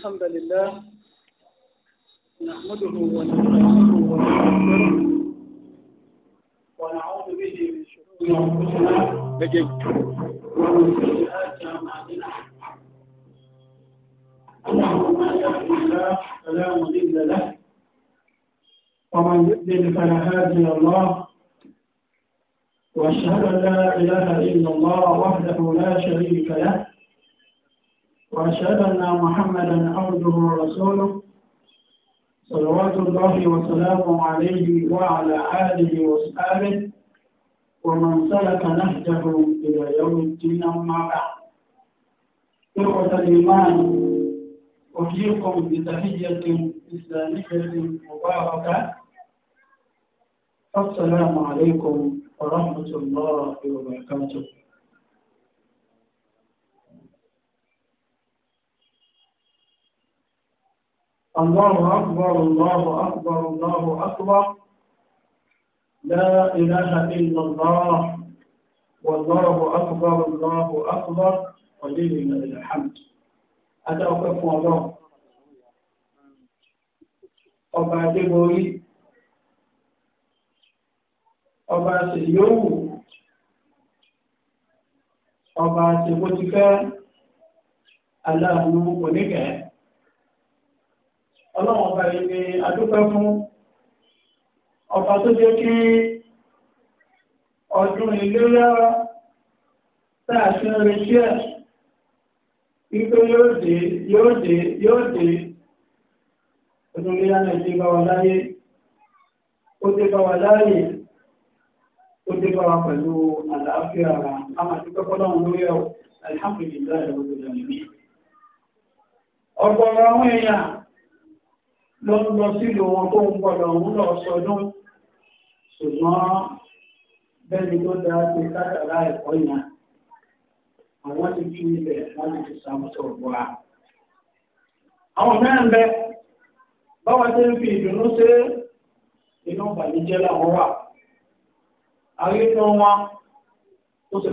الحمد لله نحمده ونستعينه ونستغفره ونعوذ به من شرور انفسنا ومن سيئات اعمالنا انه من يهده الله فلا مضل له ومن يضلل فلا هادي الله واشهد ان لا اله الا الله وحده لا شريك له وأشهد أن محمدا عبده ورسوله صلوات الله وسلامه عليه وعلى آله وصحبه ومن سلك نهجه إلى يوم الدين أما بعد إخوة الإيمان أحييكم بتحية إسلامية مباركة السلام عليكم ورحمة الله وبركاته الله أكبر الله أكبر الله أكبر لا إله إلا الله والله أكبر الله أكبر قليل الحمد هذا أوقف الله ọba adébórí ọba àṣeyọwò ọba àṣebótíkẹ aláàánú oníkẹẹ ọlọ́run ọba yìí ni adúpẹ́ fún ọba tó jẹ́ kí ọdún ìléyà tá a ṣe ń retí ẹ̀ wípé yóò dé yóò dé yóò dé ọdún ìléyà náà ti bá wa láyé ó ti bá wa láyé ó ti bá wa pẹ̀lú àlàáfíà ara a máa ti kọ́kọ́ lọ́run lórí ẹ̀ alihamudulilayi ọdún ìléyà ọ̀pọ̀ àwọn èèyàn. lọ lọ sílò wọn tó ń gbọdọ̀ òun lọ sọdún ṣùgbọ́n bẹ́ẹ̀ni tó dá sí kátàlá ẹ̀kọ́ yẹn àwọn ti fi ilẹ̀ wọn ti fi àwọn mẹ́rin bẹ báwa ń fi ìdùnnú ṣe inú ìbànújẹ́ làwọn wà wọn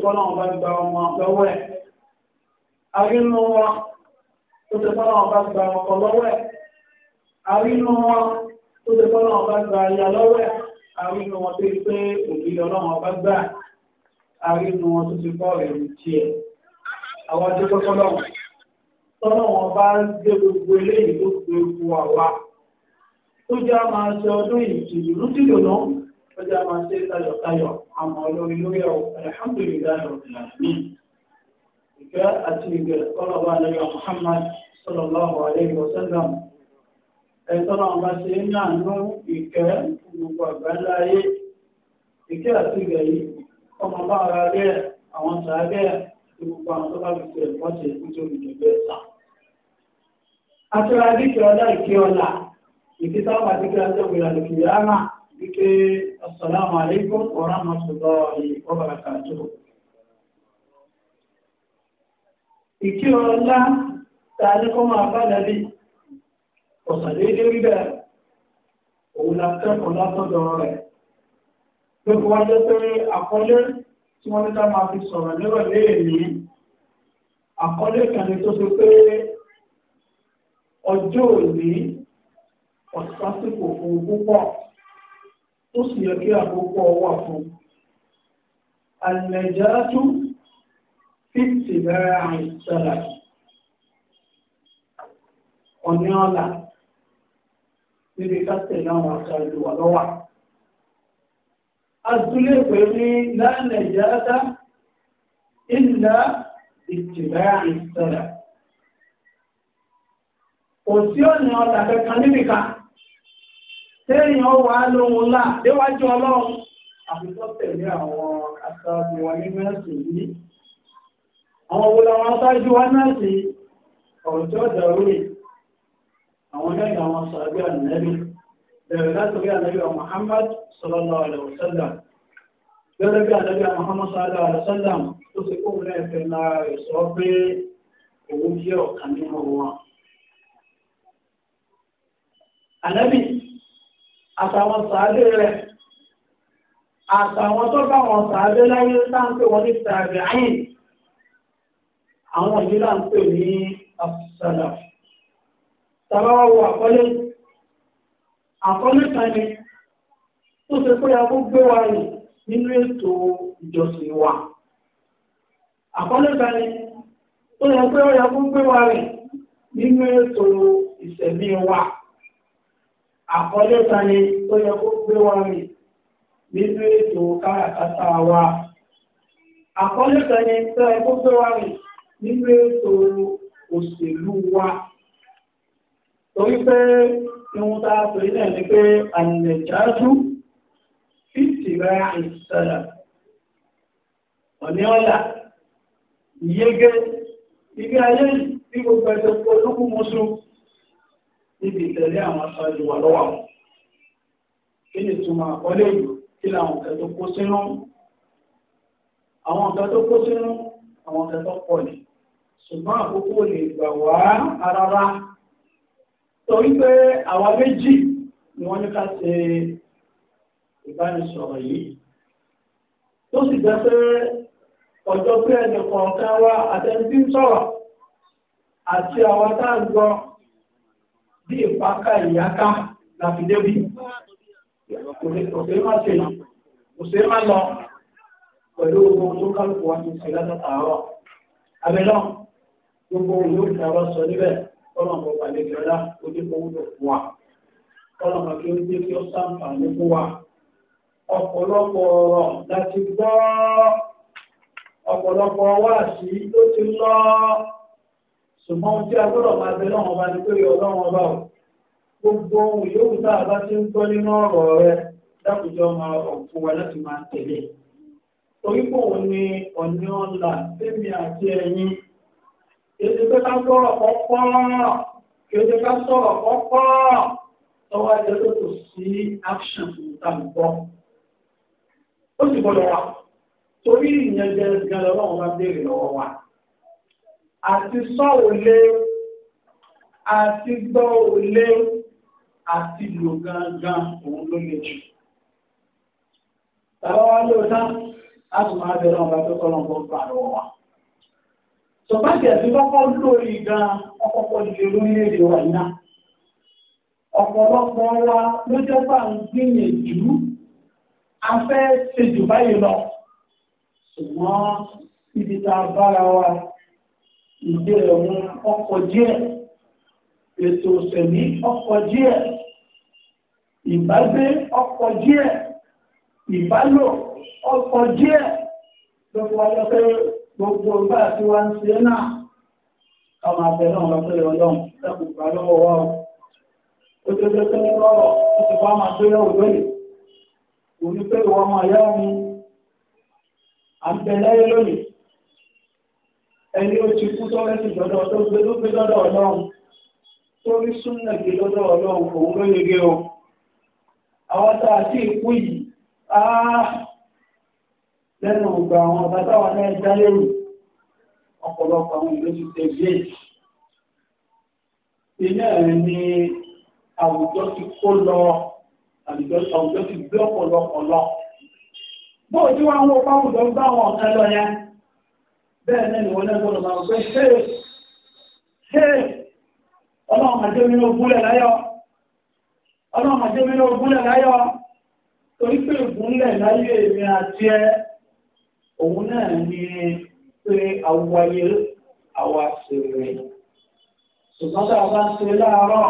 kọ́ náà bá gba ọmọ lọ́wọ́ ẹ̀ àrínú wọn ṣe kọ́ náà bá gba lọ́wọ́ ẹ̀. àrínú wọn tó ti kọ́ náà bá gba aya lọ́wọ́ ẹ̀ àrínú wọn tó ti pé òbí ọlọ́run ọba gbà àrínú wọn tó ti kọ́ rẹ̀ tiẹ̀ àwọn tó kọ́ lọ́wọ́ tọ́nà wọn gbé gbogbo eléyìí tó gbé fún àwa tó jẹ́ àmà ṣe ọdún ìtìlú tìlónà tó jẹ́ àmà ṣe tayọ̀tayọ̀ àmọ́ lórí lórí ọ̀ alihamudulilayi ọ̀gbìn àmì ìfẹ́ àti ìgbẹ́ ọlọ́wọ́ àlẹ́ Muhammad sallallahu ẹ̀tọ́nà ọba ṣe ń nàánú ìkẹ́ gbogbo àgbáńlá ayé ìkẹ́ àti ìgbà yìí ọmọ bá ara rẹ̀ àwọn sàágẹ́ gbogbo àwọn tó bá fi ṣe ẹ̀kọ́ ṣe nítorí olùdókòwò ẹ̀sà. àtúrà dìkì ọlá ìkí ọlá ìkí táwọn àti kí ọjọ́ ìgbìlá lòkì yáàmà wípé asalaamu aleykum wa rahmatulahi wa barakatuhu. ìkí ọlá tààlẹ́kọ́ máa bá lẹ́bí ọ̀sán déédéé rí bẹ́ẹ̀ òun la kẹ́kọ̀ọ́ látọ̀dọ̀ rẹ̀ gbogbo wa jẹ́ pé àkọlé tí wọ́n ní ká máa fi sọ̀rọ̀ nírọ̀lẹ́ èmi àkọlé kan ni tó ṣe pé ọjọ́ òní ọ̀sásìkò fún púpọ̀ tó sì yẹ kí àkókò wà fún àlẹ́jáàtú fífì bẹ́ẹ̀ àìsàlà ọ̀ní ọ̀la níbi kásẹ̀ náà wọn ṣáájú wà lọ́wọ́. Azulé pè ní lánàá ìjàdá ìlà ìtìlá ìsọ̀rọ̀. Kò sí ọ̀nà ọ̀tà kankan níbìkan. Téèyàn wà lóhun láà déwájú ọlọ́run. Àfi tẹ̀lé àwọn aṣáájú wa nínú ẹ̀sìn yìí. Àwọn wo làwọn aṣáájú wa náà sí ọ̀rọ̀ tí àwọn lẹ́yìn àwọn sàbí ànẹ́bí bẹ̀rẹ̀ látòrí ànẹ́bí wa Muhammad sallallahu alaihi wa sallam gẹ́gẹ́ bí ànẹ́bí wa Muhammad sallallahu alaihi wa sallam tó ti kó wọlé ẹ̀fẹ́ lára rẹ̀ sọ pé òun jẹ́ ọ̀kan nínú wọn. ànẹ́bí àtàwọn sàbí rẹ̀ àtàwọn tó bá wọn sàbí láyé sáńpé wọn ní sàbí àyìn àwọn yìí là ń pè ní asàlàfù tàbáwá wo àkọlé àkọlé kan ni tó ṣe pé a kó gbé wa rìn nínú ètò ìjọsìn wa àkọlé kan ni tó yẹ pé ó yẹ kó gbé wa rìn nínú ètò ìṣẹ̀mí wa àkọlé kan ni tó yẹ kó gbé wa rìn nínú ètò káràkátà wa àkọlé kan ni tó yẹ gbé wa rìn nínú ètò òṣèlú wa torí pé ìwọ̀n tá a pè é náà ni pé ànìjájú fíìtì rẹ àìsàlà ọ̀ní ọ̀là yege ibi ayé bí gbogbo ẹsẹ̀ olókùn mọ́sù níbi ìtẹ̀lé àwọn aṣáájú wa lọ́wọ́ àwọn kí ni ìtumọ̀ àkọlé yìí kí làwọn nǹkan tó kó sínú àwọn nǹkan kó sínú àwọn nǹkan pọ̀ ní ṣùgbọ́n àkókò lè gbà wá rárá torí pé àwa méjì ni wọ́n ní ká ṣe ìbánisọ̀rọ̀ yìí tó sì jẹ́ pé ọjọ́ pé ẹnì kọ̀ọ̀kan wa àtẹnudí sọ̀rọ̀ àti àwa tá bí ìpaka ìyáká la fi débi òṣèré má ṣe òṣèré má lọ pẹ̀lú ogun tó kálukú wa ti ṣe látàtà àárọ̀ abẹ́lọ́ gbogbo òun yóò sọ níbẹ̀ kọ́nà kò balẹ̀ jọlá ó dé kó wúlò fún wa kọ́nà kan kí ó dé kí ó sàǹfààní fún wa ọ̀pọ̀lọpọ̀ ọ̀rọ̀ láti gbọ́ ọ̀pọ̀lọpọ̀ wáàsí ló ti lọ ṣùgbọ́n ohun tí a gbọ́dọ̀ máa bẹ náà ọba ní pé ọlọ́run ọba ò gbogbo ohun yòówù tá a bá ti ń gbọ́ nínú ọ̀rọ̀ rẹ dákùjọ máa ọ̀fun wa láti máa tẹ̀lé torí pé òun ni ọ̀nì ọ̀la tèmi àti ẹ̀yin kéde pé ká sọ̀rọ̀ kọ́kọ́ kéde ká sọ̀rọ̀ kọ́kọ́ tọ́wọ́ ẹ̀jẹ̀ tó kò sí action tó ta ń bọ́. ó sì gbọ́dọ̀ wà torí ìyẹn jẹ́ gan lọ́wọ́ bá béèrè lọ́wọ́ wa. àti sọ òlé àti gbọ́ òlé àti lò gangan òun ló lè jù. tàbá wa lóòótọ́ láti máa bẹ̀rẹ̀ ọ̀gá tó kọ́ lọ́nà tó gbà lọ́wọ́ wa sọ̀bájì ẹ̀sìn kọ́kọ́ lórí gan ọkọ̀ọ̀kọ̀ ìṣe lórílẹ̀-èdè wa iná ọ̀pọ̀lọpọ̀ wa ló jẹ́ pà ń gbìyànjú a fẹ́ ṣe jù báyìí lọ ṣùgbọ́n ibi tá a bára wa ìdí ẹ̀wọ̀n ọkọ̀ díẹ̀ ètò òṣèlú ọkọ̀ díẹ̀ ìbágbé ọkọ̀ díẹ̀ ìbálò ọkọ̀ díẹ̀ lọ́wọ́ ayọ́kẹ́rẹ́ gbogbo ọgbà tí wá ń ṣe náà ọmọ abẹ náà lọ pé ọlọ́run lẹ́kùn gbà lọ́wọ́ wa o ó ti ṣe pé nínú ọ̀rọ̀ ó ti fọ́ máa gbéyàwó lónìí kò ní pé ìwọ ọmọ ìyá mi à ń bẹ láyé lónìí ẹni ó ti kú tó rẹ́sì dọ́dọ̀ tó gbé ló gbé dọ́dọ̀ ọlọ́run tó rí súnà gbé dọ́dọ̀ òun ló yege o àwọn tá a sì kú yìí áá lẹ́nu ọgbà àwọn ọba táwa náà dá lérò ọ̀pọ̀lọpọ̀ àwọn ìlú ti tẹ̀ bí èyí. Iná ẹ̀ ni àwùjọ ti kó lọ àwùjọ ti gbé ọ̀pọ̀lọpọ̀ lọ. Bóò tí wọ́n ń wo fáwùjọ ń bá àwọn ọ̀tá lọ yẹn. Bẹ́ẹ̀ náà ni wọ́n náà gbọ́dọ̀ máa gbé ṣé ṣé ọlọ́run àjẹ́ mi ló gúnlẹ̀ láyọ̀. Ọlọ́run àjẹ́ mi ló gúnlẹ̀ láyọ̀. Torí pé ìgúnlẹ̀ láyé èmi àti ẹ òun náà ní pé awáyé àwa ṣeré ṣùgbọ́n tá a bá ń ṣe láàárọ̀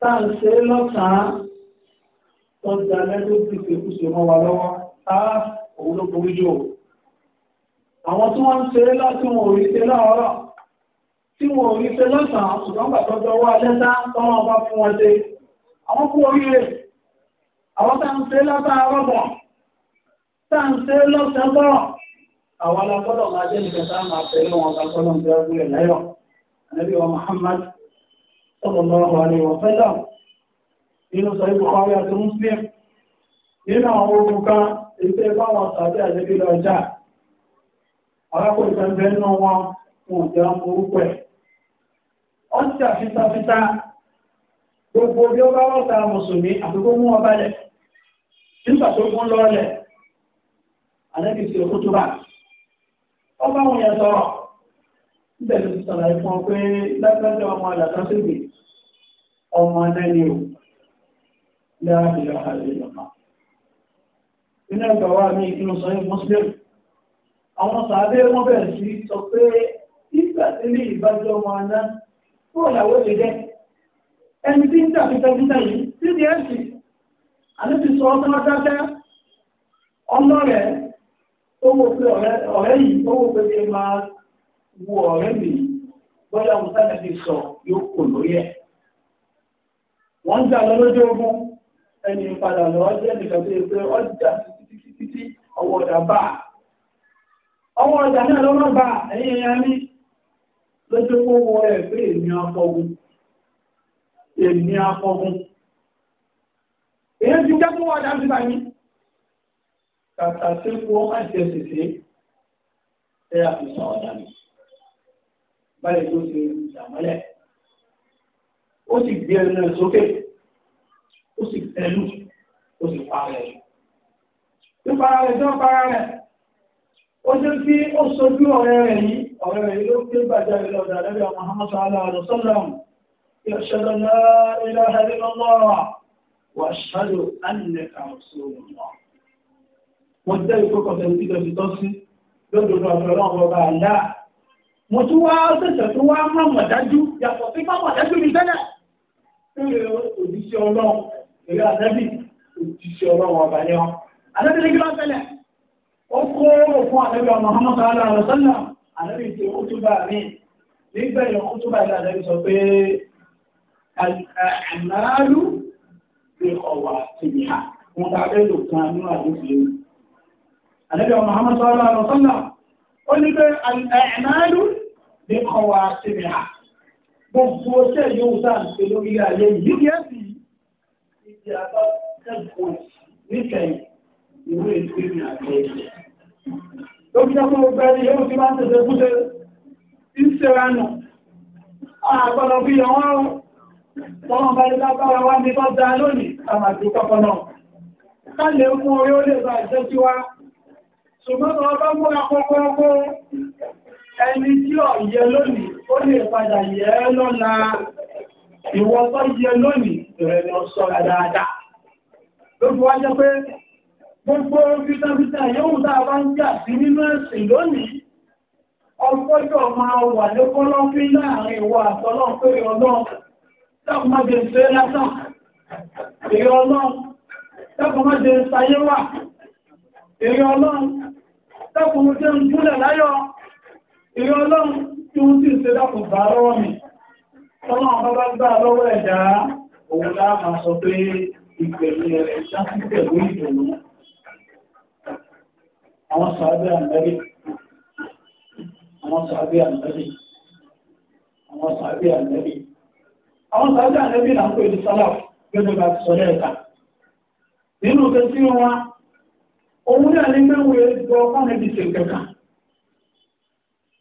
tá à ń ṣe lọ́sàn-án tó ń dalẹ́ tó ti fèkúṣe mọ́ wa lọ́wọ́ tá òun ló borí jù àwọn tí wọ́n ń ṣe láti wọn ò rí ṣe láàárọ̀ tí wọn ò rí ṣe lọ́sàn-án ṣùgbọ́n gbàtọ́jọ́ wá lẹ́sà tọ́wọ́n bá fún wọn ṣe àwọn kú oríire àwọn tá à ń ṣe látàárọ̀ bọ̀. táǹṣe lọ́sẹ̀bọ̀ àwọn alágbọ́dọ̀ máa jẹ́ nìkan a máa tẹ̀lé wọn alágbọ́dọ̀ jẹ́ ọgbẹ́ láyọ̀ ànábì wa Muhammad gbogbo bí ó bá wọ́n ta mùsùlùmí àti gbogbo nígbà tó gún lọ́ọ̀lẹ̀ ànábì sí okú tó bá ọba àwọn yẹn sọ̀rọ̀ níbẹ̀ ló ti sàlàyé fún ọ pé lágbájá ọmọ àlàkásígbè ọmọ anẹ́ni o láàbìlà àlèlọ́mà nínú ẹgbẹ̀ wa ní ìpinnu sọ yìí mọ́sílẹ̀mù àwọn sàádé wọn bẹ̀rẹ̀ sí sọ pé nígbà tí ní ìbájọ́ ọmọ aná tó ìyàwó ti dẹ́ ẹni tí ń tà yìí tí di ẹ̀sìn àti ti sọ ọ́ tọ́lá dáadáa ọlọ́rẹ̀ẹ́ tó wò pé ọ̀rẹ́ yìí tó wò pé kí mi ti sọ yóò kò lórí ẹ̀. wọ́n ń lọ lójú ogun ẹni padà lọ jẹ́ nìkan tó yẹ pé ọjà títí ọwọ́ bá a. ọwọ́ ọjà náà ló má bá a ẹ̀yìn ẹ̀yà ní lójú ogun wọ ẹ̀ pé èmi afọ́gun èmi afọ́gun. èyí ti kàkà sí kó má ṣe ṣèṣe ṣé àfihàn ọ̀dà mi báyìí tó ṣe ìdàmọ́lẹ̀ ó sì gbé ẹnu rẹ̀ sókè ó sì tẹ̀lú ó sì pa rẹ̀ nípa rẹ̀ tó ń para rẹ̀ ó ṣe fi ó sojú ọ̀rẹ́ rẹ̀ yìí ọ̀rẹ́ rẹ̀ yìí ló gbé gbàjáde lọ́dọ̀ àdẹ́bẹ̀ Muhammad sallallahu alaihi wasallam يشهد أن لا إله إلا الله وأشهد أنك رسول الله mo jẹ́ ìkókọ̀tẹ̀ tí lọ sí tọ́ sí lódodo ọ̀dọ̀ ọlọ́run ọba àlá. mo tún wá ṣẹ̀ṣẹ̀ tún wá mọ̀ mọ̀dájú yàtọ̀ sí mọ̀ mọ̀dájú mi tẹ́lẹ̀. ṣé òjíṣẹ́ ọlọ́run èrè àtẹ́bí òjíṣẹ́ ọlọ́run ọba ni wọn. àtẹ́bí ní kí ló ṣẹlẹ̀ ó kó fún àtẹ́bí ọmọ Muhammad sallallahu alaihi wasallam àtẹ́bí ti ó tún bá mi nígbà yẹn ó tún bá ilé àtẹ́bí sọ pé àmàlù lè kọ̀ wá ànábì Muhammad sallallahu alaihi wasallam ó ní pé àìnáàlú lè kọ́ wa síbi hà gbogbo ṣe yóò sáà ń pe lórí ayé yìí kí ẹ sì ìdí àbá kẹ́kọ̀ọ́ níkẹyìn ìwé ìpínlẹ̀ àti ẹ̀jẹ̀. dókítà tó gbẹ ní yóò ti máa ń tẹ̀sẹ̀ fúnṣe ń ṣera nù àgbọ̀dọ̀ bí ọ̀wọ́n rún tọ́wọ́n bá ní lágbára wá ní bá dáa lónìí àmàdùn kọ́kọ́ náà ká lè mú orí ó lè bá ìjẹ́ sí wa ṣùgbọ́n ọba múra kọ́kọ́kọ́ ẹni tí ó yẹ lónìí ó lè padà yẹ lọ́la ìwọ tó yẹ lónìí rẹ̀ ni ó sọ́ra dáadáa lójú wájẹ́ pé gbogbo fítàfítà yóò tá a bá ń jà sí nínú ẹ̀sìn lónìí ọgbọ́jọ́ máa wà lókọ́lọ́pín láàrin ìwọ àtọ́lọ́ pé ọlọ́run táwọn máa jẹ ṣe lásán èrè ọlọ́run táwọn máa jẹ èrè ọlọ́run dákùnrin jẹ́ ń gúnlẹ̀ láyọ̀ ìrẹ́ ọlọ́run tí ó sì ṣe dákùn bá lọ́wọ́ mi ọlọ́run bá bá lọ́wọ́ ẹ̀dá òun sọ pé ìpẹ̀lẹ̀ rẹ̀ sáfí pẹ̀lú ìdùnnú àwọn sàábẹ́ àmẹ́lẹ́ àwọn sàábẹ́ àmẹ́lẹ́ àwọn sàábẹ́ àmẹ́lẹ́ àwọn òun náà ní pé wòye gbọ́ fáwọn ẹbí ṣe kẹta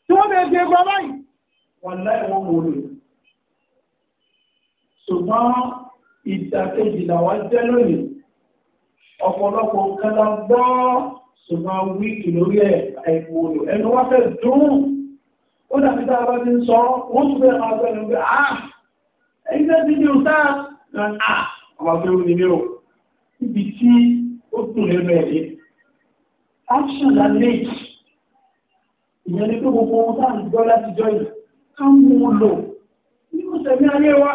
tí wọ́n bẹ̀ẹ́ ṣe gbọ́ báyìí wọ́n láì wọ́n mú lò ṣùgbọ́n ìdàkejì làwọn jẹ́ lónìí ọ̀pọ̀lọpọ̀ nǹkan la gbọ́ ṣùgbọ́n wíìkì lórí ẹ̀ àìkú lò ẹnu wá fẹ́ dùn ó dàbí tá a bá ti ń sọ wọ́n tún fẹ́ máa gbẹ́nu pé à ah, ẹ̀yin fẹ́ ti di òtá à ah, ọmọ tó ń ní o ò níbi tí ó dùn lẹ́nu ẹ̀ action la méjì ìyẹn ni pé gbogbo ohun tá à ń gbọ́ láti jọ yìí ká mú un lò nínú sẹ̀mí ayé wa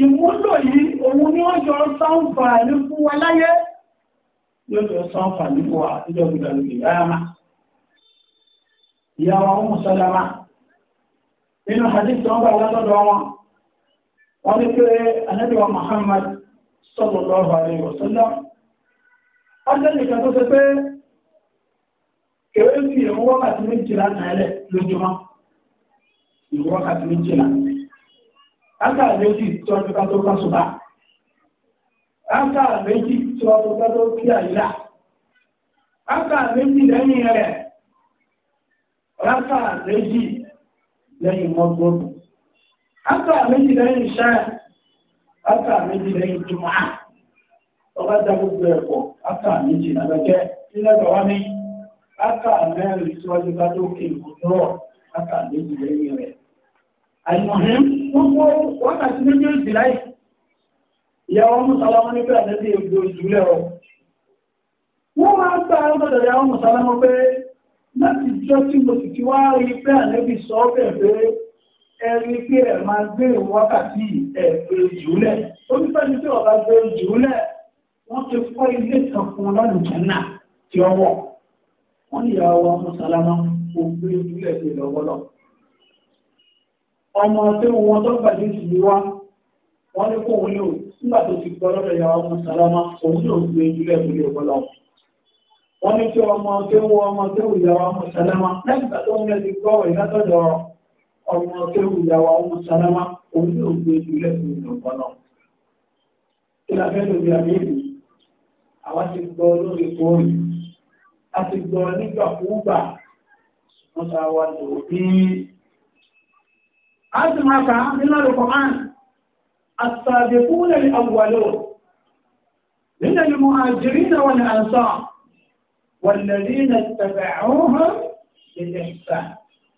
ìmúlò yìí òun ni wọ́n jọ sáǹfà ní fún wa láyé yóò jọ sáǹfà ní fún wa àtijọ́ gbìdàgbì yára ìyá wa ń sọdára nínú hadith wọn bá wọn lọ́dọ̀ wọn wọn ní pé anabi wa Muhammad sallallahu alaihi wasallam ọjọ́ nìkan tó ṣe pé ìrun wákàtí méjìlá náà lẹ̀ lójúmọ́ ìrun wákàtí méjìlá áká ka tí wọ́n ti ká tó kásùbà áká méjì tí wọ́n ti ká lẹ́yìn rẹ̀ áká méjì lẹ́yìn ka áká méjì lẹ́yìn ṣáà áká méjì lẹ́yìn jùmọ̀ mi. aka mẹ́rin síwájú bá lókè ìmúdúrọ̀ káàkà méjì àìmọ̀hẹ́ gbogbo wákàtí méjèèjì láì ìyàwó wọ́n máa ń gba ọlọ́dọ̀ ìyàwó mùsàlámù pé láti jọ́ tí mo sì ti wá rí pé àlẹ́bí sọ ọ́ pé ẹni pé ẹ máa gbé wákàtí ẹ̀ tí ọ̀gá gbé wọ́n ti kọ́ ilé fún ọlọ́run jẹ́ wọ́n ní ìyàwó ọmọ sálámà kò gbé ìpínlẹ̀ èdè lọ́wọ́lọ́. ọmọ tí wọn tó gbàdé jù ní wá wọ́n ní kó wọn ní o nígbà tó ti gbọ́ lọ́dọ̀ ìyàwó ọmọ sálámà òun ní òun gbé ìpínlẹ̀ èdè lọ́wọ́lọ́. wọ́n ní tí ọmọ tí wọn ọmọ tí wọn ìyàwó ọmọ sálámà lẹ́gbàá tó ń lẹ́ ti gbọ́ ìlátọ̀dọ̀ ọmọ tí wọn ìyàwó ọmọ sálámà òun ní òun gbé ìpínlẹ̀ èdè lọ́wọ́lọ́. kí la fẹ́ lóbi àbí àwọn ti gbọ́ lórí kóòrè a ti gbọ́ nígbàkúgbà wọ́n ta wà lórí. a sì máa kà á nínú Al-Qur'an as-sabiquna al-awwalun min al-muhajirin wal-ansar wal-ladhina ittaba'uhum bi-ihsan.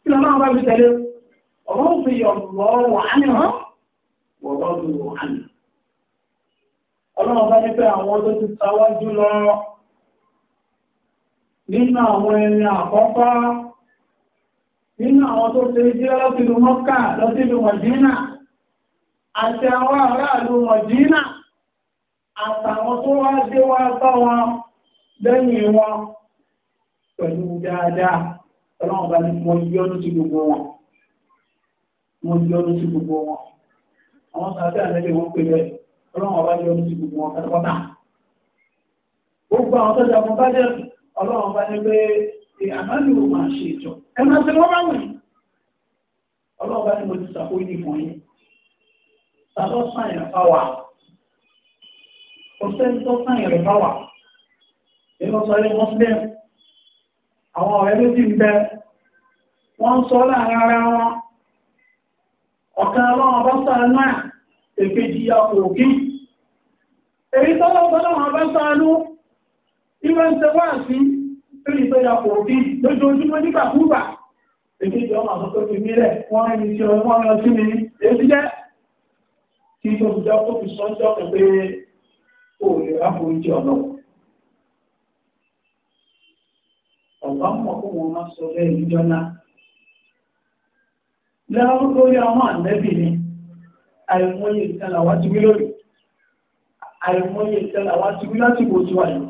kí ló máa bá fi tẹ̀lé radiyallahu anhum wa radu anhu. ọlọ́run bá ní pé àwọn tó ti sáwájú lọ́rọ́. nínú àwọn ẹni àkọ́kọ́ nínú àwọn tó ṣe jẹ́ lọ́sílù mọ́kà lọ́sílù mọ̀dínà àti àwọn aráàlú mọ̀dínà àtàwọn tó wá dé wá bá wọn lẹ́yìn wọn pẹ̀lú dáadáa ọlọ́run bá ní mo sí gbogbo wọn mo sí ọlọ́run bá ní pé àmàlù ò máa ṣe ìjọ ẹ máa ṣe wọ́n bá wù yín ọlọ́run bá ní mo ti sàkó ní ìmọ̀ yín ta ló sàyàn fáwà kò sẹ́ni tó sàyàn rẹ̀ fáwà nínú sọ́lé muslim àwọn ọ̀rẹ́ ló ti ń bẹ wọ́n ń sọ láàrin ara wọn ọ̀kan ọlọ́run bá sàánú à èkejì àpòkí èyí tọ́lọ́ tọ́lọ́ wọn bá sàánú ìwé ń ṣe wá sí i. lórí ya kò bí lójoojúmọ́ nígbàkúgbà èkejì ọmọ àwọn tó fi mí rẹ̀ wọ́n rẹ̀ mi sí ọ wọ́n rẹ̀ sí mi ní jẹ́ tí tó fi jọ tó fi sọ jọ pé ó lè ráfò oúnjẹ ọ̀nà. ọ̀gá mọ̀ kó wọn máa sọ bẹ́ẹ̀ níjọ́ náà. lẹ́wọ́n ni àìmọye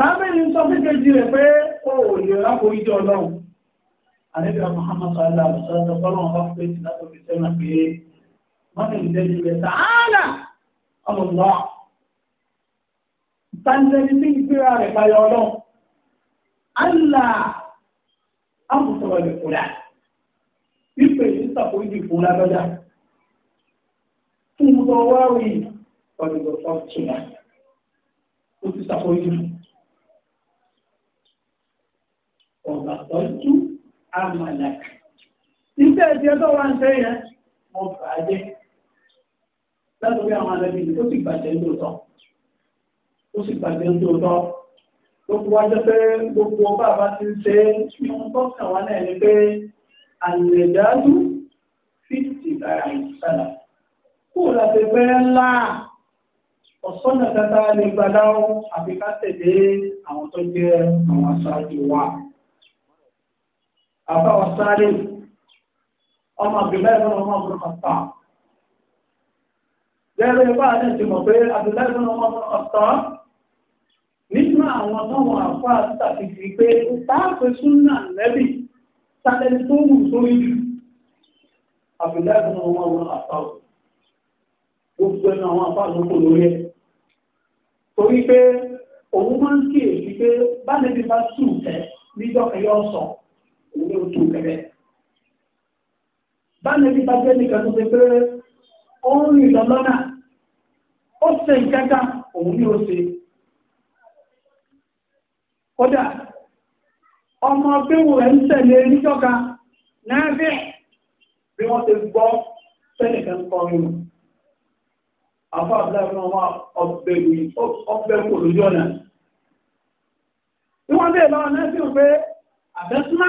sábẹ́ni sọ kékeré rẹ̀ pé ó lè rákòójọ ọlọ́run àlejò muhammad sallallahu alaihi wa sallam ọlọ́run bá pè ala láti fi sẹ́wọ̀n pé wọ́n ti rẹ̀ sáálà ọlọ́lọ́ tàǹtẹ̀lì tí ìgbéra rẹ̀ payọ ọlọ́run àlà àbùsọ̀rọ̀ fún fún ọ̀dùnkọ̀ náà ó ti fún. ọ̀gbà tọ́jú àmàlàkà. Iṣẹ́ ti ẹjọ́ wa ń sẹ́yìn ẹ́, wọ́n bà á jẹ́. Látọ̀bí àwọn alẹ́bí ni ó sì gbàjẹ́ ní òótọ́. Ó sì gbàjẹ́ ní òótọ́. Gbogbo wa jẹ́ pé gbogbo ọba àbá ti ń ṣe ohun tó kàn wá náà ni pé àlẹ́dáàdú fíìtì bára ìsàlà. Kó o láti fẹ́ ńlá ọ̀sọ́nà kata lè gbadá àbíká tẹ̀lé àwọn tó jẹ́ àwọn aṣáájú wa àbáwọ̀ sáré ọmọ abdullahi fún ọmọ ọmọ ọ̀tá gẹ́gẹ́ bí báyìí náà ti mọ̀ pé abdullahi fún ọmọ ọmọ ọ̀tá nínú àwọn táwọn àfáà tàbí fi pé táàpẹ̀ súnà lẹ́bì sálẹ̀ tó wù sórí jù abdullahi fún ọmọ ọmọ ọ̀tá gbogbo ẹnu àwọn àfáà ló kò lórí ẹ̀ torí pé òun máa ń kíyèsí pé bá lè bí bá sùn tẹ̀ níjọ́ kẹyọ́ sọ̀rọ̀ òun ò tó kẹ̀kẹ́. báyìí ní bàjẹ́ nìkan tó ṣe pé ó ń rìn lọ lọ́nà ó ṣe ìkẹta òun ní ó ṣe. kódà ọmọ bíwò rẹ̀ ń tẹ̀lé níjọ́ka náà bẹ́ẹ̀ bí wọ́n ti gbọ́ sẹ́nìkan kọrin nù afọ abúlé wọn wá ọbẹ wí ọbẹ kò lójú ọ̀nà. Ìwọ́n bẹ́ẹ̀ lọ náà sí òfé àbẹ́súmá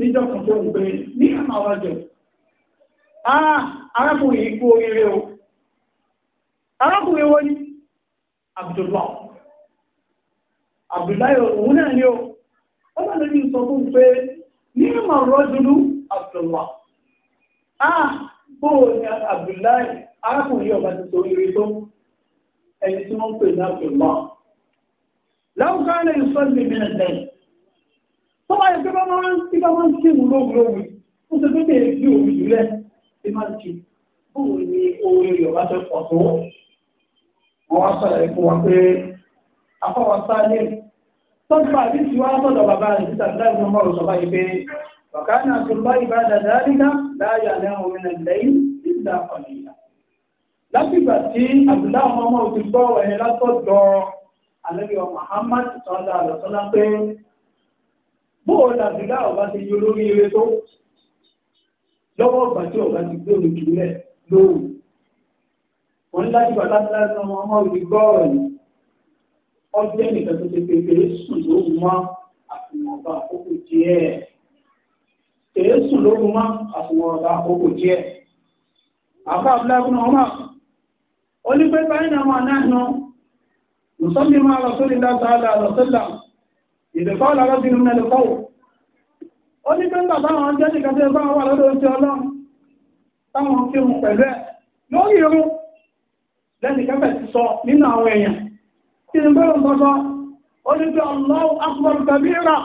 níjọ́ kan tó ń gbé ní àmàwà jẹ. arákùnrin yìí kú oríire o arákùnrin wo ni Abdullahi Abdullahi òun náà ni o ó bá lórí sọ fún un pé ní àmàwà dúdú Abdullahi bóò ni Abdullahi arákùnrin ọba ti sọ oríire tó ẹni tí wọ́n ń pè ní Abdullahi láwùjọ àlẹ́ ìsọ́ọ̀lì mìíràn lẹ́yìn tó bá yẹ pé bá máa ń tí bá máa ń ṣe mú lóhùn lóhùn ó ṣe pé bẹ́ẹ̀ bí òun jùlẹ̀ ṣe máa ń ṣe bóun ni orin yorùbá ṣe pọ̀ tó wọ́n á sọ̀rọ̀ fún wa pé afọwọ́ sáré tọ́jú àti tiwa sọ̀dọ̀ bàbá rẹ̀ títà láì ní ọmọ òṣọ̀ báyìí pé bàbá náà tó ìbá dàdá ríga láàyè àlẹ́ ọmọ nà lẹ́yìn nígbà pàdéyà. látìgbà tí àbùdá ọmọ ọmọ òtún gbọ́ látọ̀dọ̀ àlẹ́ bóò làbí láà ọba ti yọ lórí ire tó lọ́wọ́ ọgbà tí ọba ti gbé omi kìlẹ̀ lóru wọn láti bàtà láti ọmọ ọmọ òbí gbọ́ọ̀rọ̀ yìí ọjọ́ nìkan tó ti pépé sùn lóru mọ́ àfihànba àkókò díẹ̀ èyí sùn lóru mọ́ àfihànba àkókò díẹ̀ àbá abúlágún ọmọ onígbẹ́ta ẹ̀ náà wà náà nù nùsọ́bí máa lọ sórí dáadáa lọ ìdẹ̀kọ́ ọ̀lọ́rọ̀ bí irun ẹ̀lẹ́kọ́ wò ó ní pẹ́ńtà táwọn jẹ́ nìkan tó bá wà lọ́dọ̀ oúnjẹ ọlọ́run táwọn fi hun pẹ̀lú ẹ̀ lórí irun lẹ́nu kẹfẹ́ ti sọ nínú àwọn èèyàn kí ni bẹ́ẹ̀ ń sọ ó ní pé Allahu akbar kabira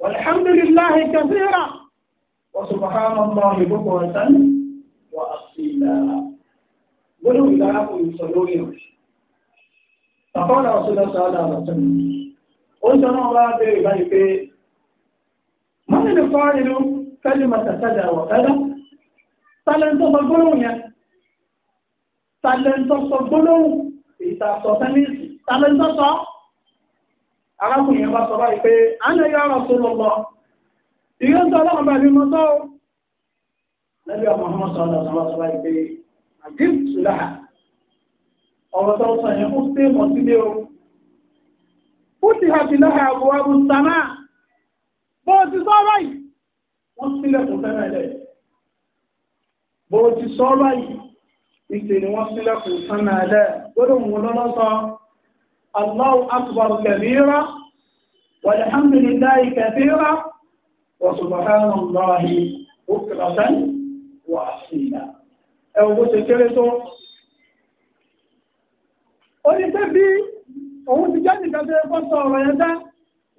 walhamdulillahi kabira wa subhanallahi bukratan wa asila gbọ́dọ̀ ìdára kò sọ lórí rẹ̀ ó sọ náà wá bẹ̀rẹ̀ báyìí pé wọ́n nílò fọ́ọ̀rì ló fẹ́lẹ́ màtà sájà wọ̀ fẹ́lẹ́ tálẹ́ńtọ́ sọ gbólóhùn yẹn tálẹ́ńtọ́ sọ gbólóhùn ìtàsọ̀ sẹ́míìsì tálẹ́ńtọ́ sọ arákùnrin yẹn bá sọ báyìí pé à ń lè yọ ọ̀rọ̀ tó lọ lọ ìyẹn ń sọ bá mi mọ́ tó lẹ́bí ọmọ ọmọ sọ ọ̀dọ̀ sọ lọ́sọ báyìí pé àdìsù láà ọ̀rọ̀ tó sọ yẹn ó futihat laha abwabu samaa bó o ti sọ báyìí wọ́n sílẹ̀kùn fẹ́rẹ̀ lẹ̀ bó o ti sọ báyìí ìṣe ni wọ́n sílẹ̀kùn fẹ́rẹ̀ lẹ̀ gbọ́dọ̀ mú lọ́nà sọ Allahu akbar kabira walhamdulillahi kabira wa subhanallahi bukratan wa asila ẹ wo bó ṣe kéré tó. oníṣẹ́ bíi. òun ti jẹ́ nìkan tó ọ̀rọ̀ yẹn dá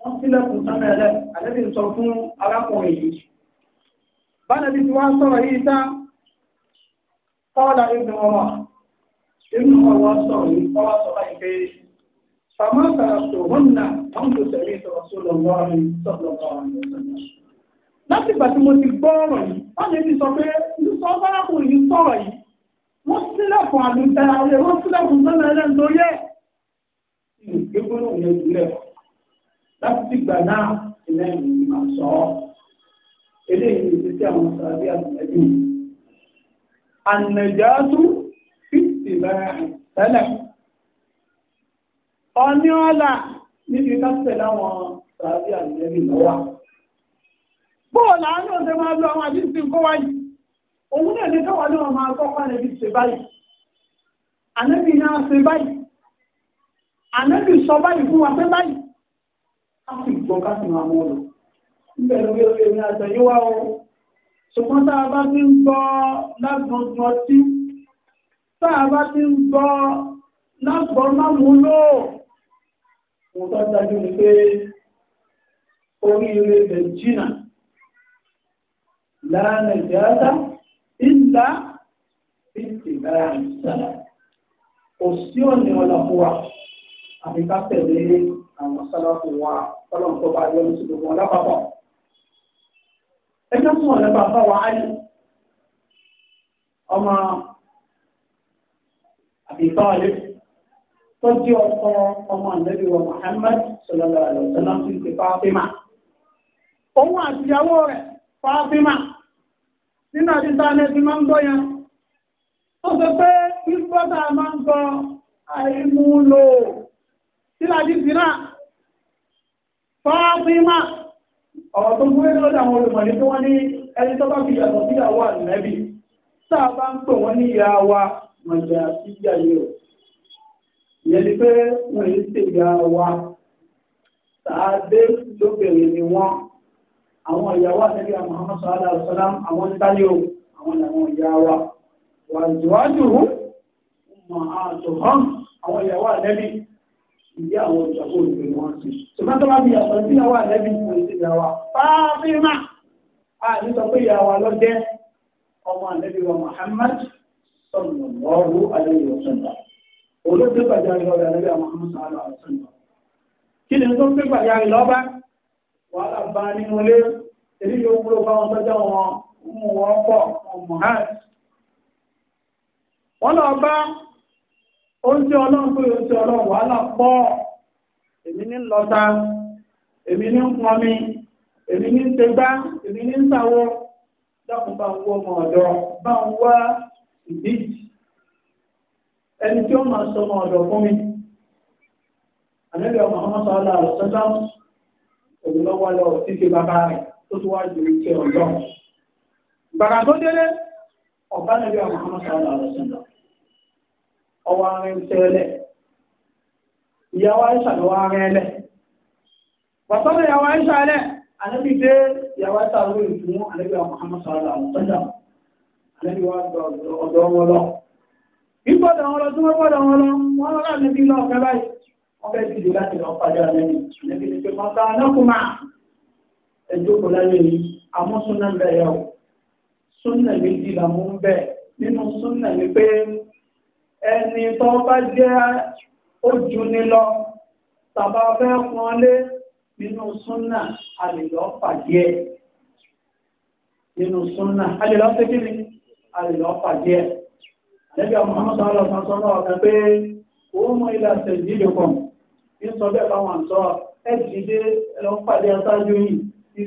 wọ́n sílẹ̀kùn sánà ẹ̀rẹ́ àdébí ń sọ fún arákùnrin yìí bánàbí ti wá sọ̀rọ̀ yìí tá kọ́ọ̀dà ìgbìmọ̀ ọmọ inú ọwọ́ sọ̀rọ̀ yìí kọ́wọ́ sọ̀rọ̀ yìí pé fàmọ́ sọ̀rọ̀ tó hún nà wọ́n tó tẹ̀lé sọ̀rọ̀ láti ìgbà tí mo ti gbọ́ ọ̀rọ̀ yìí sọ ìgbégbóná òun yẹn dúlẹ̀ láti dìgbà náà iná ìlú máa sọ ọ́ eléyìí ní títí àwọn sàbí àtìlẹ́yìn ànàjáàtú fífi bẹ́ẹ̀ tẹ́lẹ̀ ọní ọ̀la níbi kásẹ̀ láwọn sàbí àtìlẹ́yìn lọ́wọ́ bóòlù àánú ọ̀sẹ̀ máa lọ àwọn àdìsí kó wáyé òun náà ní káwọn náà máa kọ́ pàdé bí ṣe báyìí ànábì náà ṣe báyìí ànábì sọ báyìí fún wa pé báyìí ká sì gbọ́ ká sì máa mọ́ lọ níbẹ̀ lórí orí omi àtẹ̀yìn wá o ṣùgbọ́n tá a bá ti ń gbọ́ lágbọ̀ngbọ̀n ọtí tá a bá ti ń gbọ́ lágbọ̀n mámúlò mo tọ́ dájú ni pé oríire rẹ̀ jìnnà láàrín ìjẹ́ta ìlà ìtìlára ìsàlà kò sí ọ̀nà ọ̀làkùnrin àti ká tẹ̀lé àwọn sálàfù wa tọ́lọ̀ tó bá yọ ní ṣùgbọ́n wọn lápapọ̀. ẹjọ́ tí wọ́n lè bá bá wa áyì ọmọ àbíkọ́ ọ̀lẹ́ tó jẹ́ ọkọ ọmọ ànábì wa Muhammad sallallahu alaihi wasallam ti ti Fátímà. òun àtìyàwó rẹ̀ Fátímà nínú àdìsá ni ẹbí máa ń gbọ́ yẹn. ó sọ pé bí bọ́tà máa ń gbọ́ àìmúlò síláàdì sínà fáfímà ọ̀rọ̀ tó gúré lọ́dọ̀ àwọn olùmọ̀lẹ́ tó wọ́n ní ẹni tó bá fi yàtọ̀ sí ìyàwó ànẹ́bí sáà bá ń pè wọ́n ní ìyá wa mọ̀jà sí ìyàyé o ìyẹn ni pé wọ́n àwọn ìyàwó ànẹ́bí Muhammad sallallahu alaihi wasallam àwọn ń táyé o àwọn làwọn ìyá wa wàjúwájú mọ̀ àtùhọ́n àwọn ìyàwó ànẹ́bí ìdí àwọn ìjọba olùgbé wọn sí. ṣùgbọ́n tó bá bí ìyàwó ẹbí ìyàwó àlẹ́bí ìwé sí ìyàwó fáfíìmà a ní sọ pé ìyàwó lọ́jẹ́ ọmọ àlẹ́bí Muhammad sallallahu alaihi wasallam olóògbé gbàjáre lọ́dọ̀ àlẹ́bí wa Muhammad sallallahu alaihi wasallam. kí ni tó ń gbé gbàjáre lọ́ba wàhálà bá nínú ilé èyí yóò wúlò fáwọn tọ́jà wọn mú wọn pọ̀ wọn mọ̀ oúnjẹ ọlọ́run pé oúnjẹ ọlọ́run wàhálà pọ̀ èmi ní lọ́ta èmi ní pọnmi èmi ní tẹgbá èmi ní sàwọ́ dákun bá ń wọ ọmọ ọ̀dọ́ bá ń wá ìdíjì ẹni tí ó máa sọ ọmọ ọ̀dọ́ fún mi àlejò ọmọ ọmọ sọ ọlá ọ̀sọ́tọ́ òun lọ́wọ́ lọ títí bàbá rẹ̀ tó tún wá ju ìṣe ọ̀dọ́ bàrà tó délé ọ̀bá ọmọ ọmọ sọ ọlá ọ̀sọ́tọ́ ọwọ́ ara ń tẹ́lẹ̀ ìyàwó àìsàn lọ́wọ́ ara ẹ lẹ̀ wàtọ́lẹ̀ ìyàwó àìsàn lẹ̀ ànábì dé ìyàwó àìsàn lórí ìfún ànábì àwọn Muhammad sallallahu alaihi wasallam ànábì wa ọ̀dọ̀ wọn lọ gbígbọ́dọ̀ wọn lọ tí wọ́n gbọ́dọ̀ wọn lọ wọn lọ́la ànábì lọ ọ̀fẹ́ báyìí wọ́n fẹ́ dìde láti lọ pàdé ànábì ànábì ní pé kọ́ńtà anákùnmá ẹjọ́ kò láyé yìí àmọ́ súnà ń bẹ̀ yẹ o súnà méjì làwọn ń bẹ̀ nínú súnà ni pé ẹni tó bá jẹ́ ojúni lọ tàbá fẹ́ pọn lé nínú súnà àlèlọ́ pàdé ẹ̀ nínú súnà àlèlọ́ ṣe kí ni àlèlọ́ pàdé ẹ̀ lẹ́bí ọmọ ọmọdé ọlọ́sàn sọ náà ọ̀gá pé owó mọ ilé àṣẹ ìdílé kan ní sọ bẹ́ẹ̀ báwọn àǹtọ́ ẹ̀ dìde ẹ̀ lọ́ pàdé ẹ̀ sáájú yìí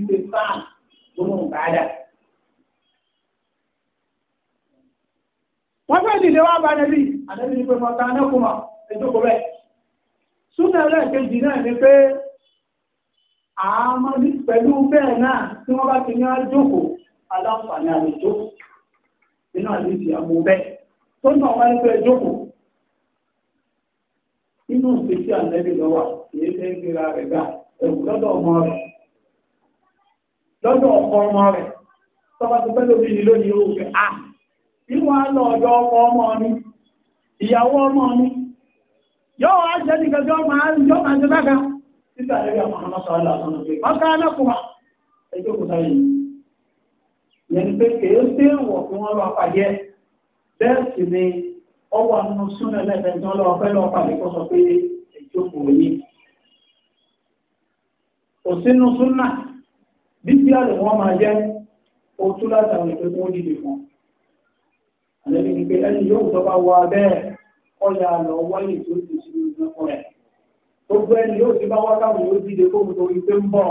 ti ṣe sáà gbọ́mọ̀ bàdà. wọ́n fẹ́ dìde wá bá nẹ́bí àdẹ́bí ni pé mo ta anẹ́kùnmọ̀ ẹ̀dókò bẹ́ẹ̀ súnà ẹlẹ́ẹ̀kejì náà ni pé àmọ́ pẹ̀lú bẹ́ẹ̀ náà tí wọ́n bá ti ní àjókò aláǹfààní àlejò nínú àlejò àmọ́ bẹ́ẹ̀ tó ń náà wá ní pé ẹjókò inú ìgbésí àlẹ́bí lọ́wọ́ èyí tẹ́ ń gbéra rẹ̀ gbà ẹ̀wù lọ́dọ̀ ọmọ rẹ̀ lọ́dọ̀ ọkọ ọmọ rẹ̀ tọ́ba ti pẹ́ lóbi ni lónìí ó wù pé ah ìwọ̀n á lọ ọmọ ọkọ ọmọ mi ìyàwó ọmọ mi yóò wá jẹ́ nìkan yóò máa yóò máa jẹ́ bága títà lórí àwọn ọmọ sọ̀rọ̀ lọ́sọ̀rọ̀ pé ọkọ alákùnrin ẹjọ́ yẹn ni òsínú bí bí máa jẹ́ àlẹ́bí ni pé ẹni yóò tó bá wà bẹ́ẹ̀ ọ̀yà lọ wáyé tó ti ṣe ìrìnàkọ̀ rẹ̀ gbogbo ẹni yóò ti bá wá káwọn yóò dìde kó mo torí pé ń bọ̀